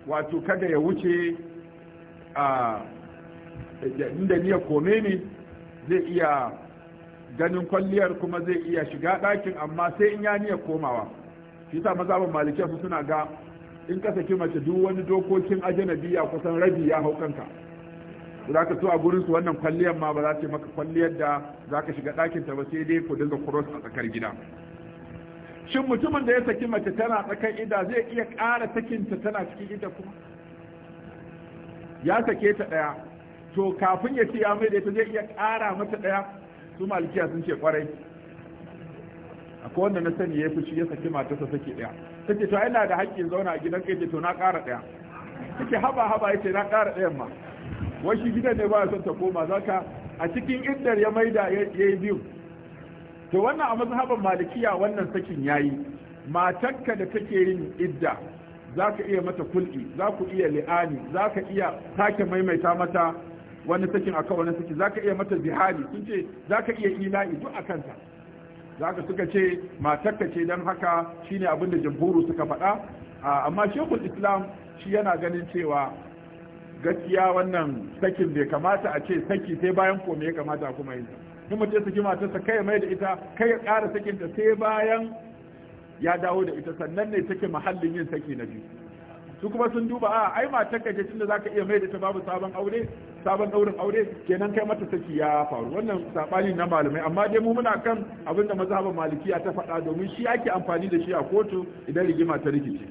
wato kada ya wuce a inda niyyar kome ne zai iya ganin kwalliyar kuma zai iya shiga ɗakin amma sai in ya niyyar komawa shi sa maza malikiyar su suna ga in ka saki mace duk wani dokokin ajanabiya kusan rabi ya hau kanka za ka so a gurinsu wannan kwalliyar ma ba za ce maka kwalliyar da za ka shiga ɗakinta ba sai dai ku dinga cross a tsakar gida shin mutumin da ya saki mace tana tsakar ida zai iya ƙara sakinta tana cikin ita kuma ya sake ta ɗaya to kafin ya ce ya mai da ita zai iya ƙara mata ɗaya su malikiya sun ce kwarai. akwai wanda na sani ya fushi ya saki matarsa saki daya take to ina da haƙƙin zauna a gidan kai to na ƙara daya take haba haba yace na ƙara dayan ma wai gidan ne ba ya son ta koma zaka a cikin iddar ya maida yayi biyu to wannan a mazhaban malikiya wannan sakin yayi matarka da take yin idda za ka iya mata kulki za iya li'ani za ka iya sake maimaita mata wani sakin akan wani saki zaka ka iya mata zihari sun ce za iya ila'i duk a kanta zaka suka ce matakka ce don haka shi ne abinda jamhuru suka faɗa amma shekul islam shi yana ganin cewa gaskiya wannan sakin bai kamata a ce saki sai bayan kome ya kamata kuma yin in mace saki matarsa kai mai da ita kai ya sakin sakinta sai bayan ya dawo da ita sannan ne take mahallin yin saki na biyu su kuma sun duba a ai matar ka ce tunda zaka iya mai da ta babu sabon aure sabon daurin aure kenan kai mata saki ya faru wannan sabani na malamai amma dai mu muna kan abin da mazhaban malikiya ta faɗa domin shi ake amfani da shi a kotu idan rigima ta rikice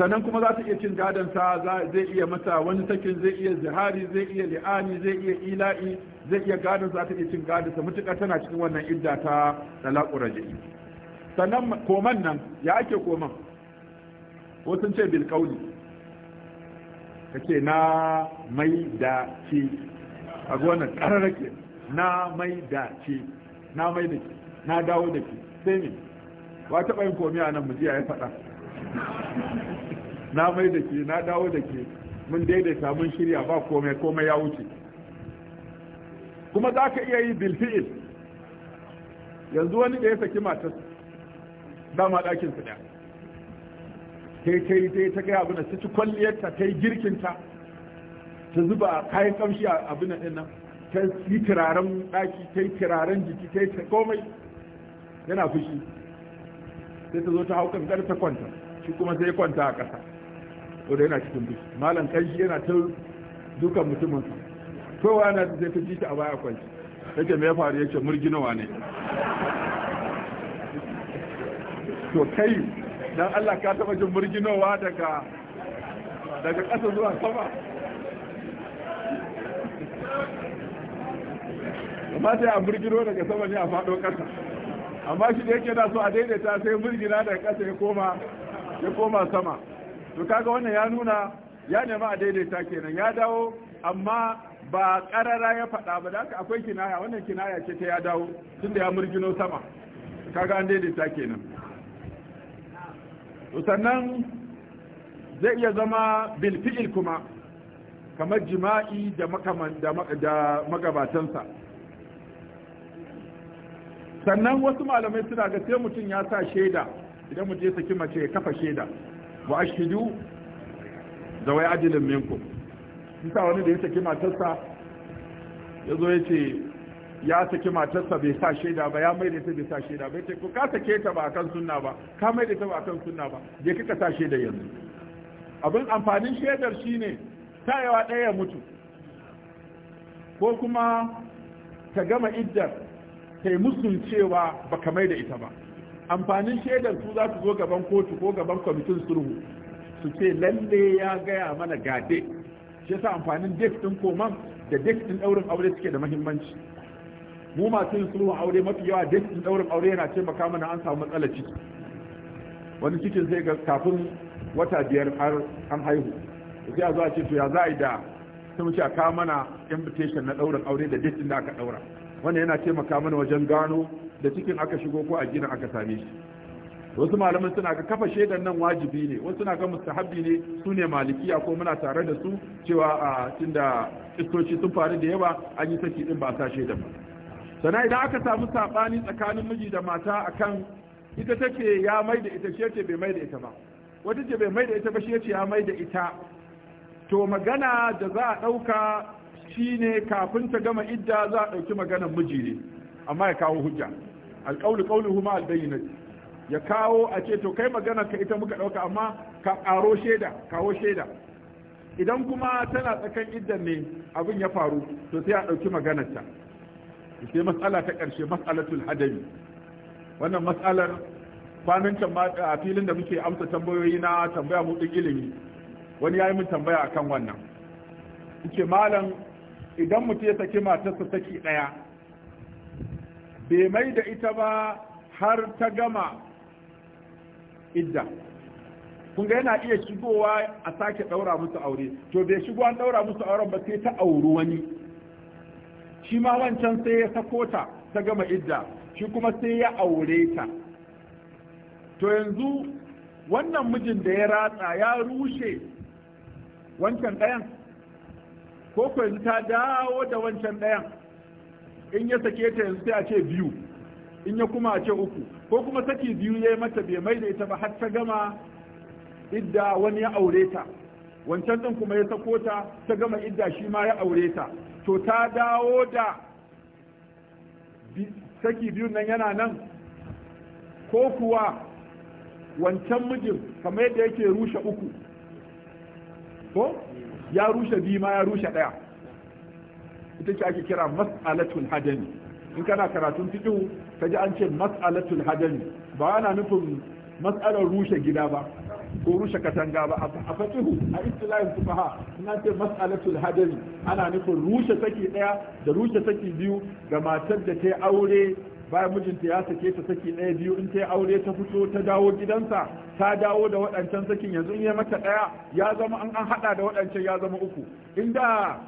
sannan kuma za su iya cin gadon sa zai iya mata wani sakin zai iya zihari zai iya li'ani zai iya ila'i zai iya gadon za ta iya cin gadon sa mutuka tana cikin wannan idda ta talaqu raji'i sannan koman nan ya ake koman ko sun ce bil kauli kace na mai da ci a gonan kararrake na mai da ci na mai da ke na dawo da ke sai ne ba taɓa yin komi a nan mujiya ya faɗa na mai da ke na dawo da ke mun daidaita mun shirya ba komai komai ya wuce kuma za ka iya yi fi'il yanzu wani da ya saki matar dama ɗakinsa ɗaya ta yi ta yi ta kai abin da ta ci kwalliyarta ta yi girkinta ta zuba kayan kamshi a abin din nan ta yi turaren ɗaki ta yi turaren jiki ta yi komai yana fushi sai ta zo ta hau kankar ta kwanta shi kuma sai kwanta a ƙasa wanda yana cikin fushi malam kanshi yana ta dukan mutumin kowa yana da zai ta ji ta a baya kwanci ta ce me ya faru ya ce murginawa ne to kai don Allah ka taba jin murginowa daga daga ƙasa zuwa sama amma sai a murgino daga sama ne a faɗo ƙasa amma shi da yake na so a daidaita sai murgina daga ƙasa ya koma ya koma sama to kaga wannan ya nuna ya nema a daidaita kenan ya dawo amma ba ƙarara ya faɗa ba da akwai kinaya wannan kinaya ce ta ya dawo tunda ya murgino sama kaga an daidaita kenan sannan zai iya zama bilfi'il kuma kamar jima'i da magabatansa sannan wasu malamai suna ga sai mutum ya sa shaida idan mutum ya saki mace ya kafa shaida wa ashidu da wai ajilin minku wani da ya saki matarsa ya zo ya saki matarsa bai sa shaida ba ya maida ta bai sa shaida ba ce ko ka sake ta ba akan sunna ba ka maida ta ba akan sunna ba je kika sa shaida yanzu abin amfanin shaidar shine tayawa ɗaya ya mutu ko kuma ta gama iddar ta yi musun cewa ba ka maida ita ba amfanin shaidar su za su zo gaban kotu ko gaban kwamitin sulhu su ce lalle ya gaya mana gade shi yasa amfanin dek ɗin koman da dek ɗin ɗaurin aure suke da muhimmanci mu masu yin sulhun aure mafi yawa dakin daurin aure yana taimaka mana an samu matsalar ciki wani cikin sai ga kafin wata biyar har an haihu sai a zo ce to ya za a yi da sai mu ce a kawo mana invitation na daurin aure da dakin da aka daura wannan yana taimaka mana wajen gano da cikin aka shigo ko a gidan aka same shi wasu malaman suna ga kafa shaidan nan wajibi ne wasu suna ga mustahabbi ne su ne malikiya ko muna tare da su cewa a tunda istoci sun faru da yawa an yi saki din ba a sa shaidan ba sana idan aka samu saɓani tsakanin miji da mata akan ita take ya mai da ita shi yace bai mai da ita ba wata ce bai mai da ita ba shi yace ya mai da ita to magana da za a ɗauka shine kafin ta gama idda za a ɗauki maganar miji ne amma ya kawo hujja alƙawli ƙawli huma albayyinati ya kawo a ce to kai magana ka ita muka ɗauka amma ka ƙaro shaida kawo shaida idan kuma tana tsakan iddan ne abin ya faru to sai a ɗauki maganarta sai mas'ala ta ƙarshe matsalatul hadari wannan matsalar kwanan can a filin da muke amsa tambayoyi na tambaya mu ilimi wani ya yi min tambaya akan wannan ke malam idan mutum ya saki matarsa saki ɗaya bai mai da ita ba har ta gama idda kun ga yana iya shigowa a sake ɗaura musu aure to bai shigo an ɗaura musu auren ba sai ta auri wani shi ma wancan sai ya sako ta ta gama idda shi kuma sai ya aure ta to yanzu wannan mijin da ya ratsa ya rushe wancan ɗayan ko ko yanzu ta dawo da wancan ɗayan in ya sake ta yanzu sai a ce biyu in ya kuma a ce uku ko kuma saki biyu ya yi mata bai mai da ita ba har ta gama idda wani ya aure ta wancan ɗin kuma ya sako ta ta gama idda shi ma ya aure ta to ta dawo da saki biyu nan yana nan ko kuwa wancan mijin kamar yadda yake rushe uku ko ya rushe biyu ma ya rushe ɗaya ita ce ake kira mas'alatul hadani in kana karatun fiqh ka ji an ce mas'alatul hadani ba ana nufin mas'alar rushe gida ba ko rushe katanga ba a fatihu a istilahin fuqaha ina ce mas'alatul hadari ana nufin rushe saki daya da rushe saki biyu ga matar da ta aure bayan mijinta ya sake ta saki ɗaya biyu in ta yi aure ta fito ta dawo gidansa ta dawo da waɗancan sakin yanzu in ya mata ɗaya ya zama an an haɗa da waɗancan ya zama uku inda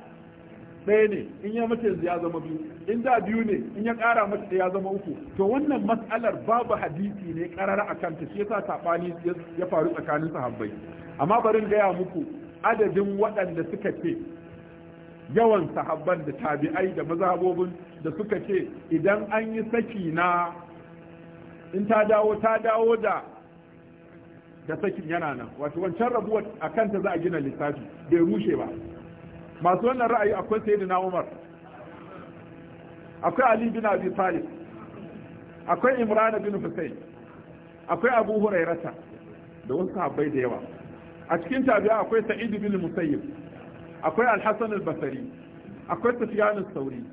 ɗaya ne in ya mace yanzu ya zama biyu in da biyu ne in ya ƙara mace ɗaya ya zama uku to wannan matsalar babu hadisi ne ƙarara a kanta shi yasa saɓani ya faru tsakanin sahabbai amma barin gaya muku adadin waɗanda suka ce yawan sahabban da tabi'ai da mazhabobin da suka ce idan an yi saki na in ta dawo ta dawo da da sakin yana nan wato wancan rabuwar a kanta za a gina lissafi bai rushe ba masu wannan ra'ayi akwai sayyidina Umar akwai Ali bin Abi Talib akwai Imran bin Husayn akwai Abu Hurairata da wasu sahabbai da yawa a cikin tabi'a akwai Sa'id bin Musayyib akwai Al-Hasan al-Basri akwai Sufyan al-Thawri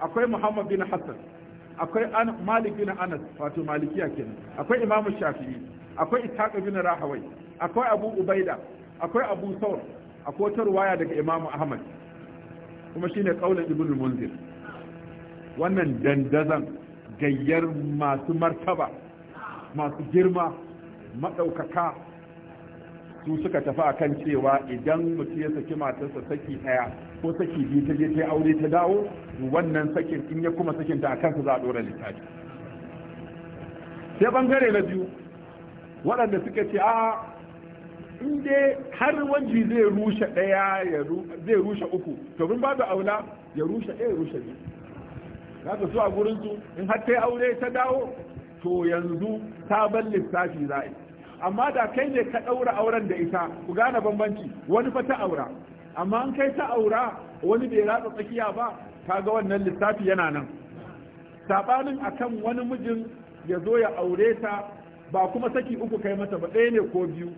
akwai Muhammad bin Hassan akwai Malik bin Anas wato Malikiya kenan akwai Imam Shafi'i akwai Ishaq bin Rahawai akwai Abu Ubaida akwai Abu Thawr a kotar waya daga imamu ahmad kuma shine kaulan ibn munzir wannan dandazan gayyar masu martaba masu girma maɗaukaka su suka tafi akan cewa idan mutum ya saki matarsa saki ɗaya ko saki biyu ta je ta aure ta dawo wannan sakin in ya kuma sakin ta akan su za a ɗora littafi sai bangare na biyu waɗanda suka ce a in dai har wanji zai rushe ɗaya zai rushe uku to bin babu aula ya rushe ɗaya ya rushe biyu za ka so a su in har ta aure ta dawo to yanzu sabon lissafi za amma da kai ne ka ɗaura auren da ita ku gane bambanci wani fa ta aura amma an kai ta aura wani bai ratsa tsakiya ba ta ga wannan lissafi yana nan sabanin akan wani mijin ya zo ya aure ta ba kuma saki uku kai mata ba ɗaya ne ko biyu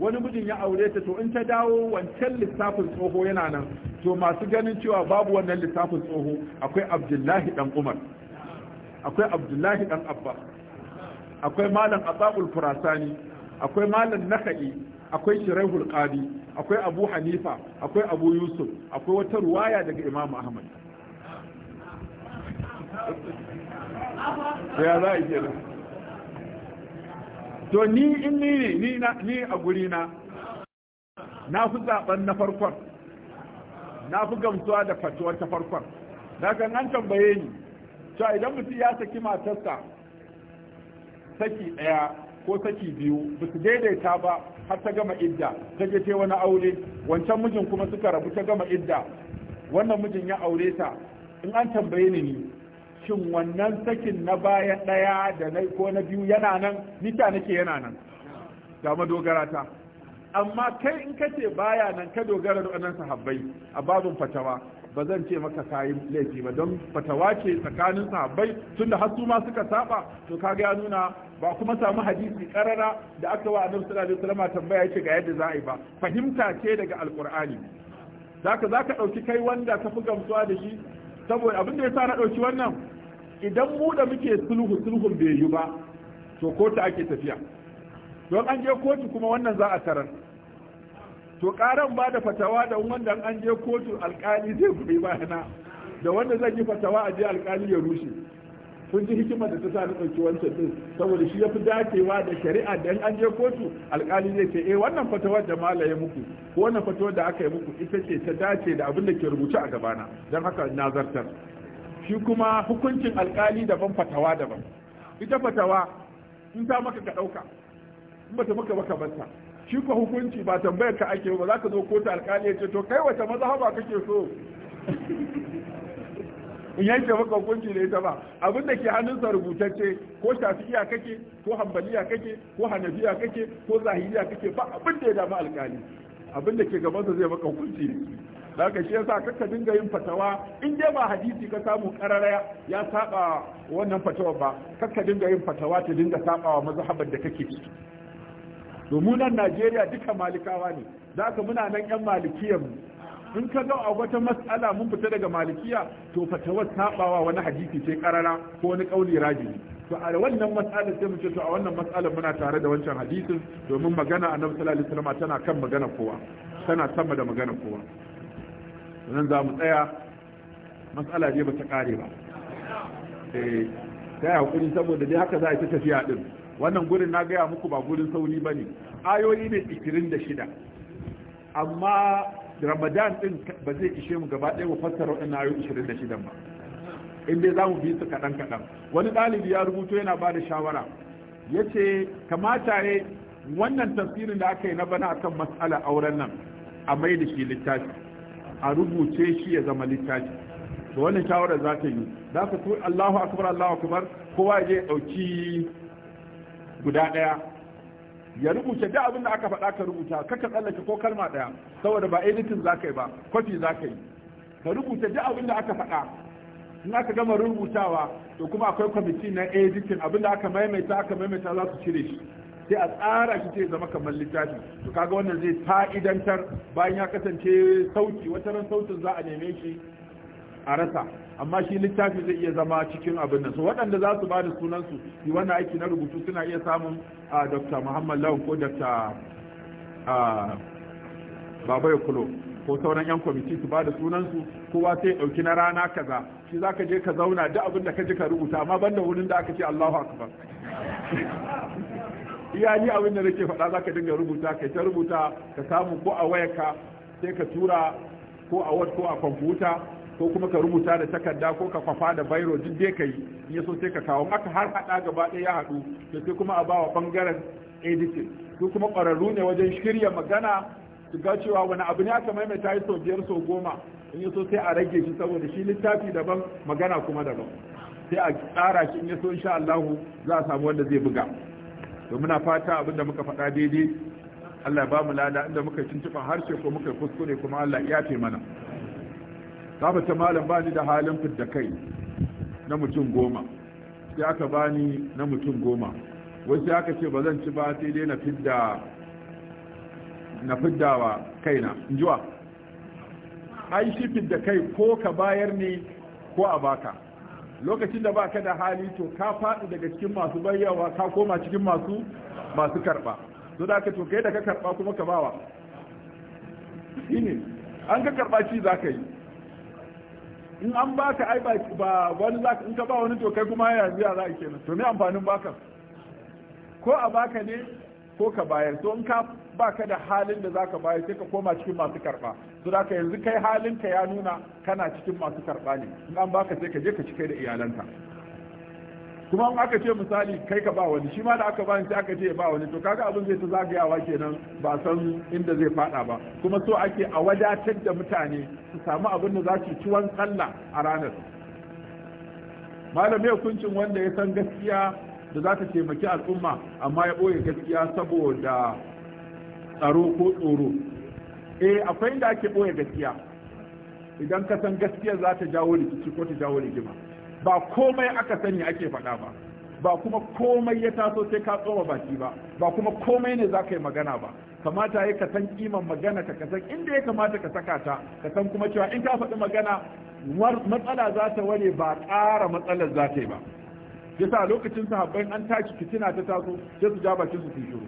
wani mijin ya aure ta to in ta dawo wancan lissafin tsoho yana nan to masu ganin cewa babu wannan lissafin tsoho akwai abdullahi dan umar akwai abdullahi dan abba akwai malam ababul furasani akwai malam naka'i akwai shiraihul qadi akwai abu hanifa akwai abu yusuf akwai wata ruwaya daga imam ahmad ya za a to ni in ni ne ni a guri na fi zaɓen na farkon na fi gamsuwa da fatuwar ta farkon daga an tambaye ni cewa idan mutum ya saki matarsa saki ɗaya ko saki biyu ba su daidaita ba har ta gama idda ta je wani aure wancan mijin kuma suka rabu ta gama idda wannan mijin ya aure ta in an tambaye ni ni shin wannan sakin na baya ɗaya da na ko na biyu yana nan nika nake yana nan ga madogara ta amma kai in ka ce baya nan ka dogara da wannan sahabbai a babin fatawa ba zan ce maka kayan laifi ba don fatawa ce tsakanin sahabbai tunda har su ma suka saba to kaga ya nuna ba kuma samu hadisi karara da aka wa annabi sallallahu alaihi wasallam tambaya yake ga yadda za a yi ba fahimta ce daga alqur'ani zaka zaka dauki kai wanda ka fi gamsuwa da shi saboda abin da ya sa na ɗauki wannan idan mu da muke sulhu sulhun bai yi ba to kotu ake tafiya don an je kotu kuma wannan za a tarar to karan ba da fatawa da wanda an je kotu alkali zai kuɗi bayana da wanda zai yi fatawa a je alkali ya rushe kun ji hikimar da ta sa ni ɗauki wancan ɗin saboda shi ya fi dacewa da shari'a da in an je kotu alƙali zai ce eh wannan fatawar da mala ya muku ko wannan fatawar da aka yi muku ita ce ta dace da abin da ke rubuce a gabana don haka nazartar shi kuma hukuncin alƙali daban fatawa daban ita fatawa in ta maka ka ɗauka in bata maka maka banta shi kuma hukunci ba tambayar ka ake ba za ka zo kotu alƙali ya ce to kai wace mazhaba kake so [laughs] in yanke maka hukunci da ita ba abin da ke hannunsa rubutacce ko shafiya kake ko hambaliya kake ko hanafiya kake ko zahiriya kake ba abin da ya dama alkali. abin da ke gabansa zai maka hukunci ne da ka shi yasa kaka dinga yin fatawa in dai ba hadisi ka samu karara ya saba wannan fatawa ba kakka dinga yin fatawa ta dinga sabawa mazhabar da kake ciki domin nan Najeriya duka malikawa ne zaka ka muna nan yan malikiyan mu in ka ga wata mas'ala mun fita daga malikiya to fatawar sabawa wani hadisi ce karara ko wani kauli rajini to a wannan mas'ala sai mu ce to a wannan mas'alar muna tare da wancan hadisin domin magana annabi sallallahu alaihi wasallam tana kan magana kowa tana sama da magana kowa nan za mu tsaya mas'ala dai ba ta kare ba eh sai hakuri saboda dai haka za a ta tafiya din wannan gurin na gaya muku ba gurin sauri bane ayoyi ne 26 amma ramadan din ba zai ishe mu gaba ɗaya mu fassara waɗannan ayoyi ishirin da shidan ba in dai za mu bi su kaɗan kaɗan wani ɗalibi ya rubuto yana ba da shawara ya ce kamata ne wannan tafsirin da aka yi na bana akan matsala auren nan a mai da shi littafi a rubuce shi ya zama littafi da wannan shawarar za ta yi za ka Allahu akbar Allahu akbar kowa ya je ɗauki guda ɗaya ya rubuta duk abin da aka faɗa ka rubuta kaka tsallake ko kalma ɗaya saboda ba editing za ka yi ba kwafi za ka yi ka rubuta duk abin da aka faɗa in aka gama rubutawa to kuma akwai kwamiti na editing abin da aka maimaita aka maimaita za su cire shi sai a tsara shi sai zama kamar littafi to kaga wannan zai fa'idantar bayan ya kasance sauti wata ran sautin za a neme shi a rasa amma shi littafi zai iya zama cikin abin nan so waɗanda za su ba da sunansu yi wannan aiki na rubutu suna iya samun a dr muhammad lawan ko dr ya kulo ko sauran yan kwamiti su ba da sunansu kowa sai ya ɗauki na rana kaza shi za ka je ka zauna duk abin da ka ji ka rubuta amma banda wurin da aka ce allahu akbar [laughs] iya ni abin da nake faɗa za ka dinga rubuta kai ta rubuta ka samu ko a wayarka sai ka tura ko a wad ko a kwamfuta ko kuma ka rubuta da takarda ko ka kwafa da bairo duk dai ka yi in so sai ka kawo maka har haɗa gaba ɗaya ya haɗu to sai kuma a ba wa ɓangaren editing su kuma ƙwararru ne wajen shirya magana su ga cewa wani abu ne aka maimaita ya so biyar sau goma in yaso sai a rage shi saboda shi littafi daban magana kuma daban sai a tsara shi in yaso insha Allah za a samu wanda zai buga to muna fata abin da muka faɗa daidai Allah ya ba mu lada inda muka tuntuɓa harshe ko muka kuskure kuma Allah ya yafe mana kafa ta malam bani da halin fidda kai na mutum goma sai aka bani na mutum goma wasu aka ce ba zan ci ba sai dai na fidda na fidda wa kaina injuwa ai shi fidda kai ko ka bayar ne ko a baka lokacin da baka da hali to ka faɗi daga cikin masu bayyawa ka koma cikin masu masu karɓa so da ka to kai da ka karɓa kuma ka bawa shine an ka karɓa ci za ka yi in an baka ai ba wani za in ka ba wani to kai kuma ya biya za a kenan to me amfanin baka ko a baka ne ko ka bayar to in ka baka da halin da zaka bayar sai ka koma cikin masu karba to da ka yanzu kai halin ka ya nuna kana cikin masu karba ne in an baka sai ka je ka cike da iyalanka kuma in aka ce misali kai ka ba wani shi ma da aka ba sai aka ce ba wani to kaga abin zai ta zagayawa kenan ba san inda zai fada ba kuma so ake a wadatar da mutane su samu abin da za su ci wan sallah a ranar malamai hukuncin wanda ya san gaskiya da za ta taimaki al'umma amma ya ɓoye gaskiya saboda tsaro ko tsoro eh akwai inda ake ɓoye gaskiya idan ka san gaskiya za ta jawo rikici ko ta jawo rigima ba komai aka sani ake faɗa ba ba kuma komai ya taso sai ka tsoma baki ba ba kuma komai ne za ka yi magana ba kamata ya ka san kiman magana ka ka san inda ya kamata ka saka ta ka san kuma cewa in ka faɗi magana matsala za ta ware ba ƙara matsalar za ta yi ba yasa lokacin sahabbai an tashi fitina ta taso sai su ja bakin su shiru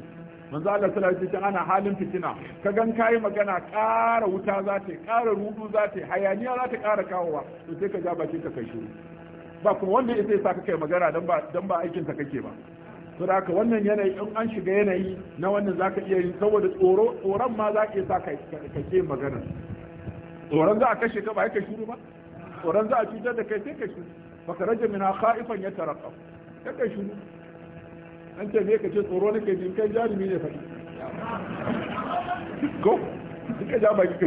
manzo Allah sallallahu alaihi wasallam ana halin fitina ka gan kai magana ƙara wuta za ta yi, ƙara rudu za ta yi, hayaniya za ta ƙara kawowa to sai ka ja bakin ka kai shiru ba kuma wanda ya sai saka kai magana don ba aikin ka kake ba su da wannan yanayi in an shiga yanayi na wannan za ka iya yin saboda tsoron ma za ka iya sa kake magana tsoron za a kashe ka ba ya shiru ba tsoron za a cutar da kai sai ka shiru ka raja mina ha'ifan ya tarafa ya ka shiru an ce ka ce tsoro nake jin kai jarumi ne fa ko duka ja baki ka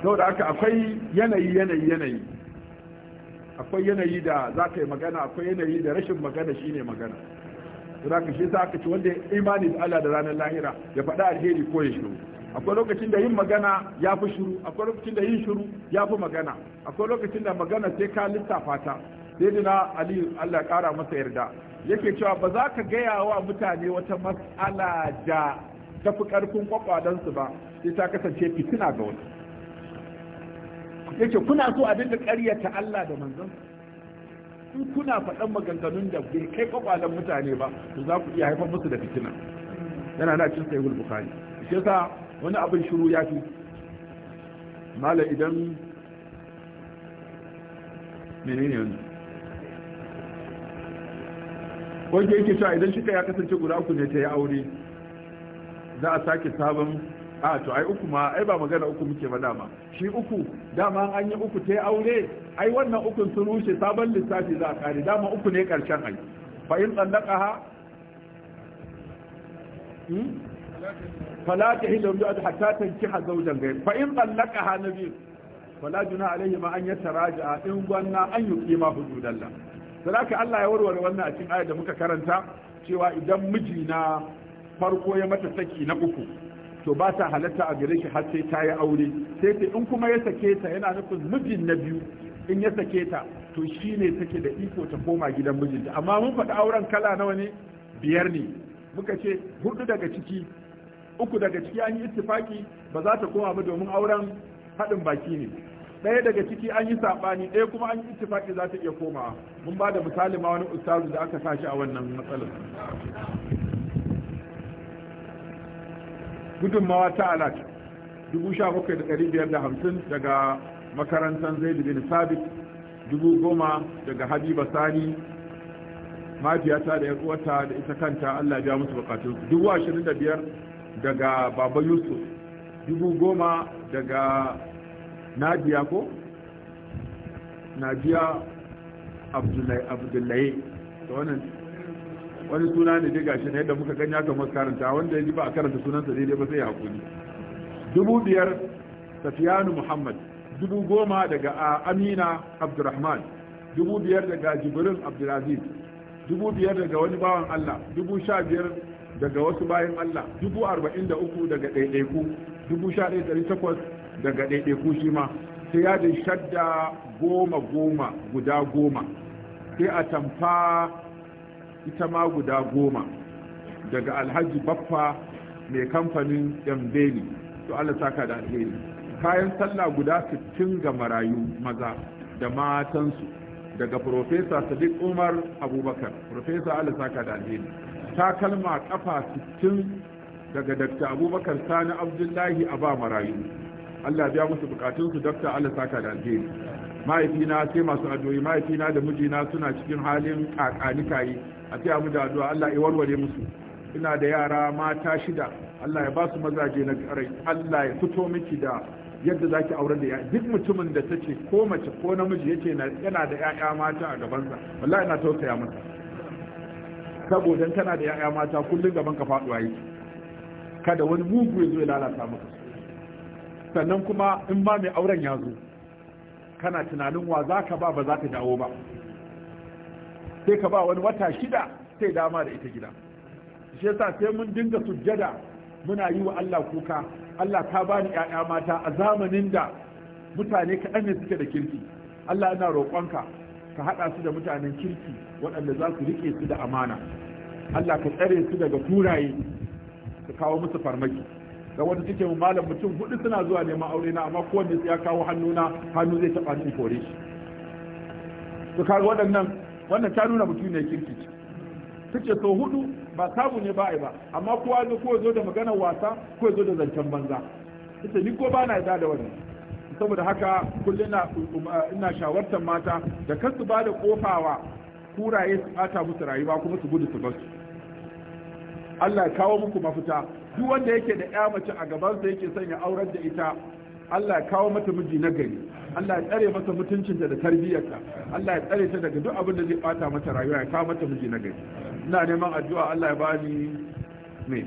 sau saboda haka akwai yanayi yanayi yanayi akwai yanayi da za ka yi magana akwai yanayi da rashin magana shine magana za ka shi za aka ci wanda imani da Allah da ranar lahira ya faɗa alheri ko ya shiru akwai lokacin da yin magana ya fi shiru akwai lokacin da yin shiru ya fi magana akwai lokacin da magana sai ka lissafa ta sai dina Ali Allah kara masa yarda yake cewa ba za ka gaya wa mutane wata mas'ala da tafi ƙarfin kwakwalansu ba sai ta kasance fitina ga wasu yake kuna so a dinga ƙaryata Allah da manzon in kuna faɗan maganganun da bai kai kwakwalen mutane ba to za ku iya haifar musu da fitina yana na cin sai bukhari shi yasa wani abin shiru ya fi mala idan menene wannan wanda yake cewa idan shi ya kasance guda uku ne ta yi aure za a sake sabon a to ai uku ma ai ba magana uku muke ba dama shi uku dama an yi uku ta aure ai wannan ukun sun rushe sabon lissafi za a kare dama uku ne karshen ai fa in tsallaka ha hmm? fala ta hilu da hatta tanki ha zaujan gai fa in tsallaka ha na biyu fala juna alaihi ma an yi taraja in gwanna an yi kima dalla sadaka Allah ya warware wannan a cikin ayar da muka karanta cewa idan miji na farko ya mata saki na uku to ba ta halatta a gare shi har sai ta yi aure sai sai in kuma ya sake ta yana nufin mijin na biyu in ya sake ta to shi ne take da iko ta koma gidan mijinta amma mun faɗi auren kala nawa ne biyar ne muka ce hudu daga ciki uku daga ciki an yi ittifaki ba za ta koma ba domin auren haɗin baki ne ɗaya daga ciki an yi saɓani ɗaya kuma an yi ittifaki za ta iya komawa mun ba da misali ma wani ustazu da aka sa shi a wannan matsalar gudunmawa ta alat 17,550 daga makarantar zaidu bin sabit 10,000 daga habiba sani mafiyata da uwarta da ita kanta allah ja musu da 25,000 daga baba yusuf 10,000 daga nadiya ko nadiya abdullahi da wannan wani suna ne daga gashi na yadda muka ganya kamar karanta wanda ya ji ba a karanta sunansa daidai ba sai ya hakuri dubu biyar safiyanu muhammad dubu goma daga amina abdurrahman dubu biyar daga jibirin abdulaziz dubu biyar daga wani bawan allah dubu sha biyar daga wasu bayan allah dubu arba'in da uku daga ɗaiɗaiku dubu sha ɗaya ɗari takwas daga ɗaiɗaiku shi ma sai ya da shadda goma goma guda goma sai a tamfa ita ma guda goma daga alhaji baffa mai kamfanin yambeli to allah saka da alheri kayan sallah guda 60 ga marayu maza da matansu daga profesa sadiq umar abubakar profesa allah saka da alheri takalma kafa 60 daga dr abubakar sani abdullahi a ba marayu allah biya musu bukatunsu dr allah saka da alheri mahaifina sai masu adoyi mahaifina da mijina suna cikin halin kakanikayi a fiye mu da addu'a Allah ya warware musu ina da yara mata shida Allah ya ba su mazaje na karai Allah ya fito miki da yadda zaki aure da duk mutumin da tace ko mace ko namiji yace yana da yaya mata a gabansa wallahi ina tausaya masa saboda kana da yaya mata kullun gaban ka faduwa yake kada wani mugu ya zo ya lalata maka sannan kuma in ba mai auren ya zo kana tunanin wa zaka ba ba za ka dawo ba sai ka ba wani wata shida sai dama da ita gida shi yasa sai mun dinga sujjada muna yi wa Allah kuka Allah ka bani ƴaƴa mata a zamanin da mutane kaɗan ne suke da kirki Allah yana roƙonka ka haɗa su da mutanen kirki waɗanda za su riƙe su da amana Allah ka tsare su daga turaye ka kawo musu farmaki Da wanda suke mu malam mutum hudu suna zuwa neman aure na amma kowanne sai ya kawo hannuna hannu zai taɓa ni kore shi to kaga waɗannan wannan ta nuna mutum ne kirkici ta ce sau hudu ba samu ne ba a ba amma kowa zo ko zo da maganar wasa ko zo da zancen banza ce ni ko ba na da da wannan saboda haka kullum ina um, uh, shawartar mata da kansu ba da kofawa kuraye su bata musu rayuwa kuma su gudu su basu Allah ya kawo muku mafita duk wanda yake da ya mace a gabansa yake sanya ya aurar da ita Allah ya kawo mata miji na gari Allah ya tsare mata mutuncinta da tarbiyyarta Allah ya tsare ta daga duk abin da zai bata mata rayuwa ya kawo mata miji na gari ina neman addu'a Allah ya bani me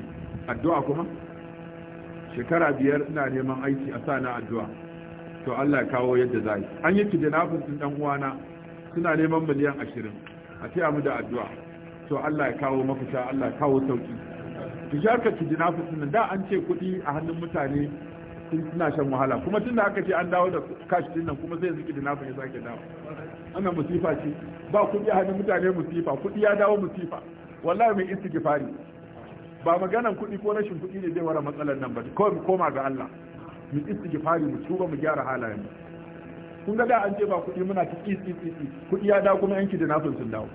addu'a kuma shekara biyar ina neman aiki a sana addu'a to Allah ya kawo yadda zai an yi kidnapping din dan uwana suna neman miliyan 20 a ce mu da addu'a to Allah ya kawo mafita Allah ya kawo sauki ki ka kidnapping nan. da an ce kuɗi a hannun mutane suna shan wahala kuma tun da aka ce an dawo da kashi din nan kuma zai ziki da nasu ya sake dawo ana musifa ce ba a hannun mutane musifa kudi ya dawo musifa wallahi mai istighfari ba maganan kudi ko rashin kudi ne zai wara matsalar nan ba ko mu koma ga Allah mu istighfari mu tuba mu gyara halayen kun ga da an ce ba kudi muna ta ci ci kudi ya dawo kuma yanki da nasu sun dawo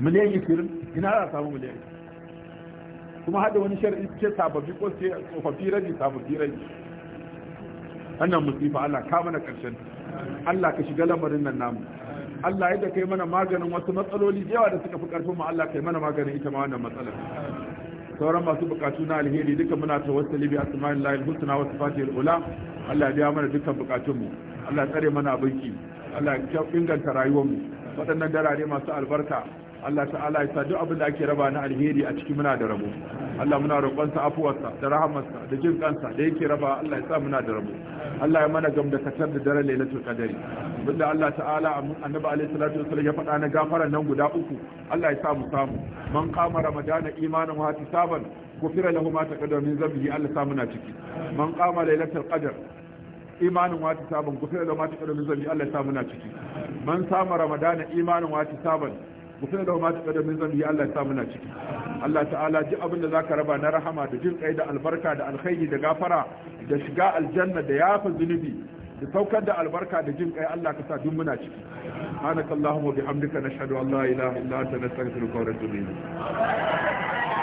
miliyan 20 ina za a samu miliyan 20 kuma hada wani shar'i ce sababi ko ce tsofaffi rabi sababi rabi annan musifa Allah ka mana karshen Allah ka shiga lamarin nan namu Allah yadda kai mana maganin wasu matsaloli da yawa da suka fi karfin mu Allah kai mana maganin ita ma wannan matsalar sauran masu bukatu na alheri duka muna ta wasu bi asma'il lahil husna wa sifatil al'ula Allah ya biya mana dukkan bukatun mu Allah ya tsare mana abinki Allah ya inganta rayuwar mu waɗannan darare masu albarka Allah ta'ala ya sa duk abin da ake raba na alheri a cikin muna da rabo Allah muna roƙonsa afuwarsa da rahamarsa da jin kansa da yake raba Allah ya sa muna da rabo Allah ya mana gam da katar da daren lailatul qadari billa Allah ta'ala annabi alaihi salatu wasallam ya faɗa na gafaran nan guda uku Allah ya sa mu samu man qama ramadana imanan wa ihtisaban gufira lahu ma taqaddama min dhanbihi Allah sa muna ciki man qama lailatul qadr imanin wata sabon gufira da mata ƙarfi zami Allah ya sa muna ciki man sama ramadana imanin wata sabon mutum da ma tuka da min zambi Allah ya sa muna ciki Allah ta'ala ji abin da zaka raba na rahama da jin kai da albarka da alkhairi da gafara da shiga aljanna da yafa zunubi da saukar da albarka da jin kai Allah ka sa duk muna ciki subhanakallahumma bihamdika nashhadu an la ilaha illa anta nastaghfiruka wa natubu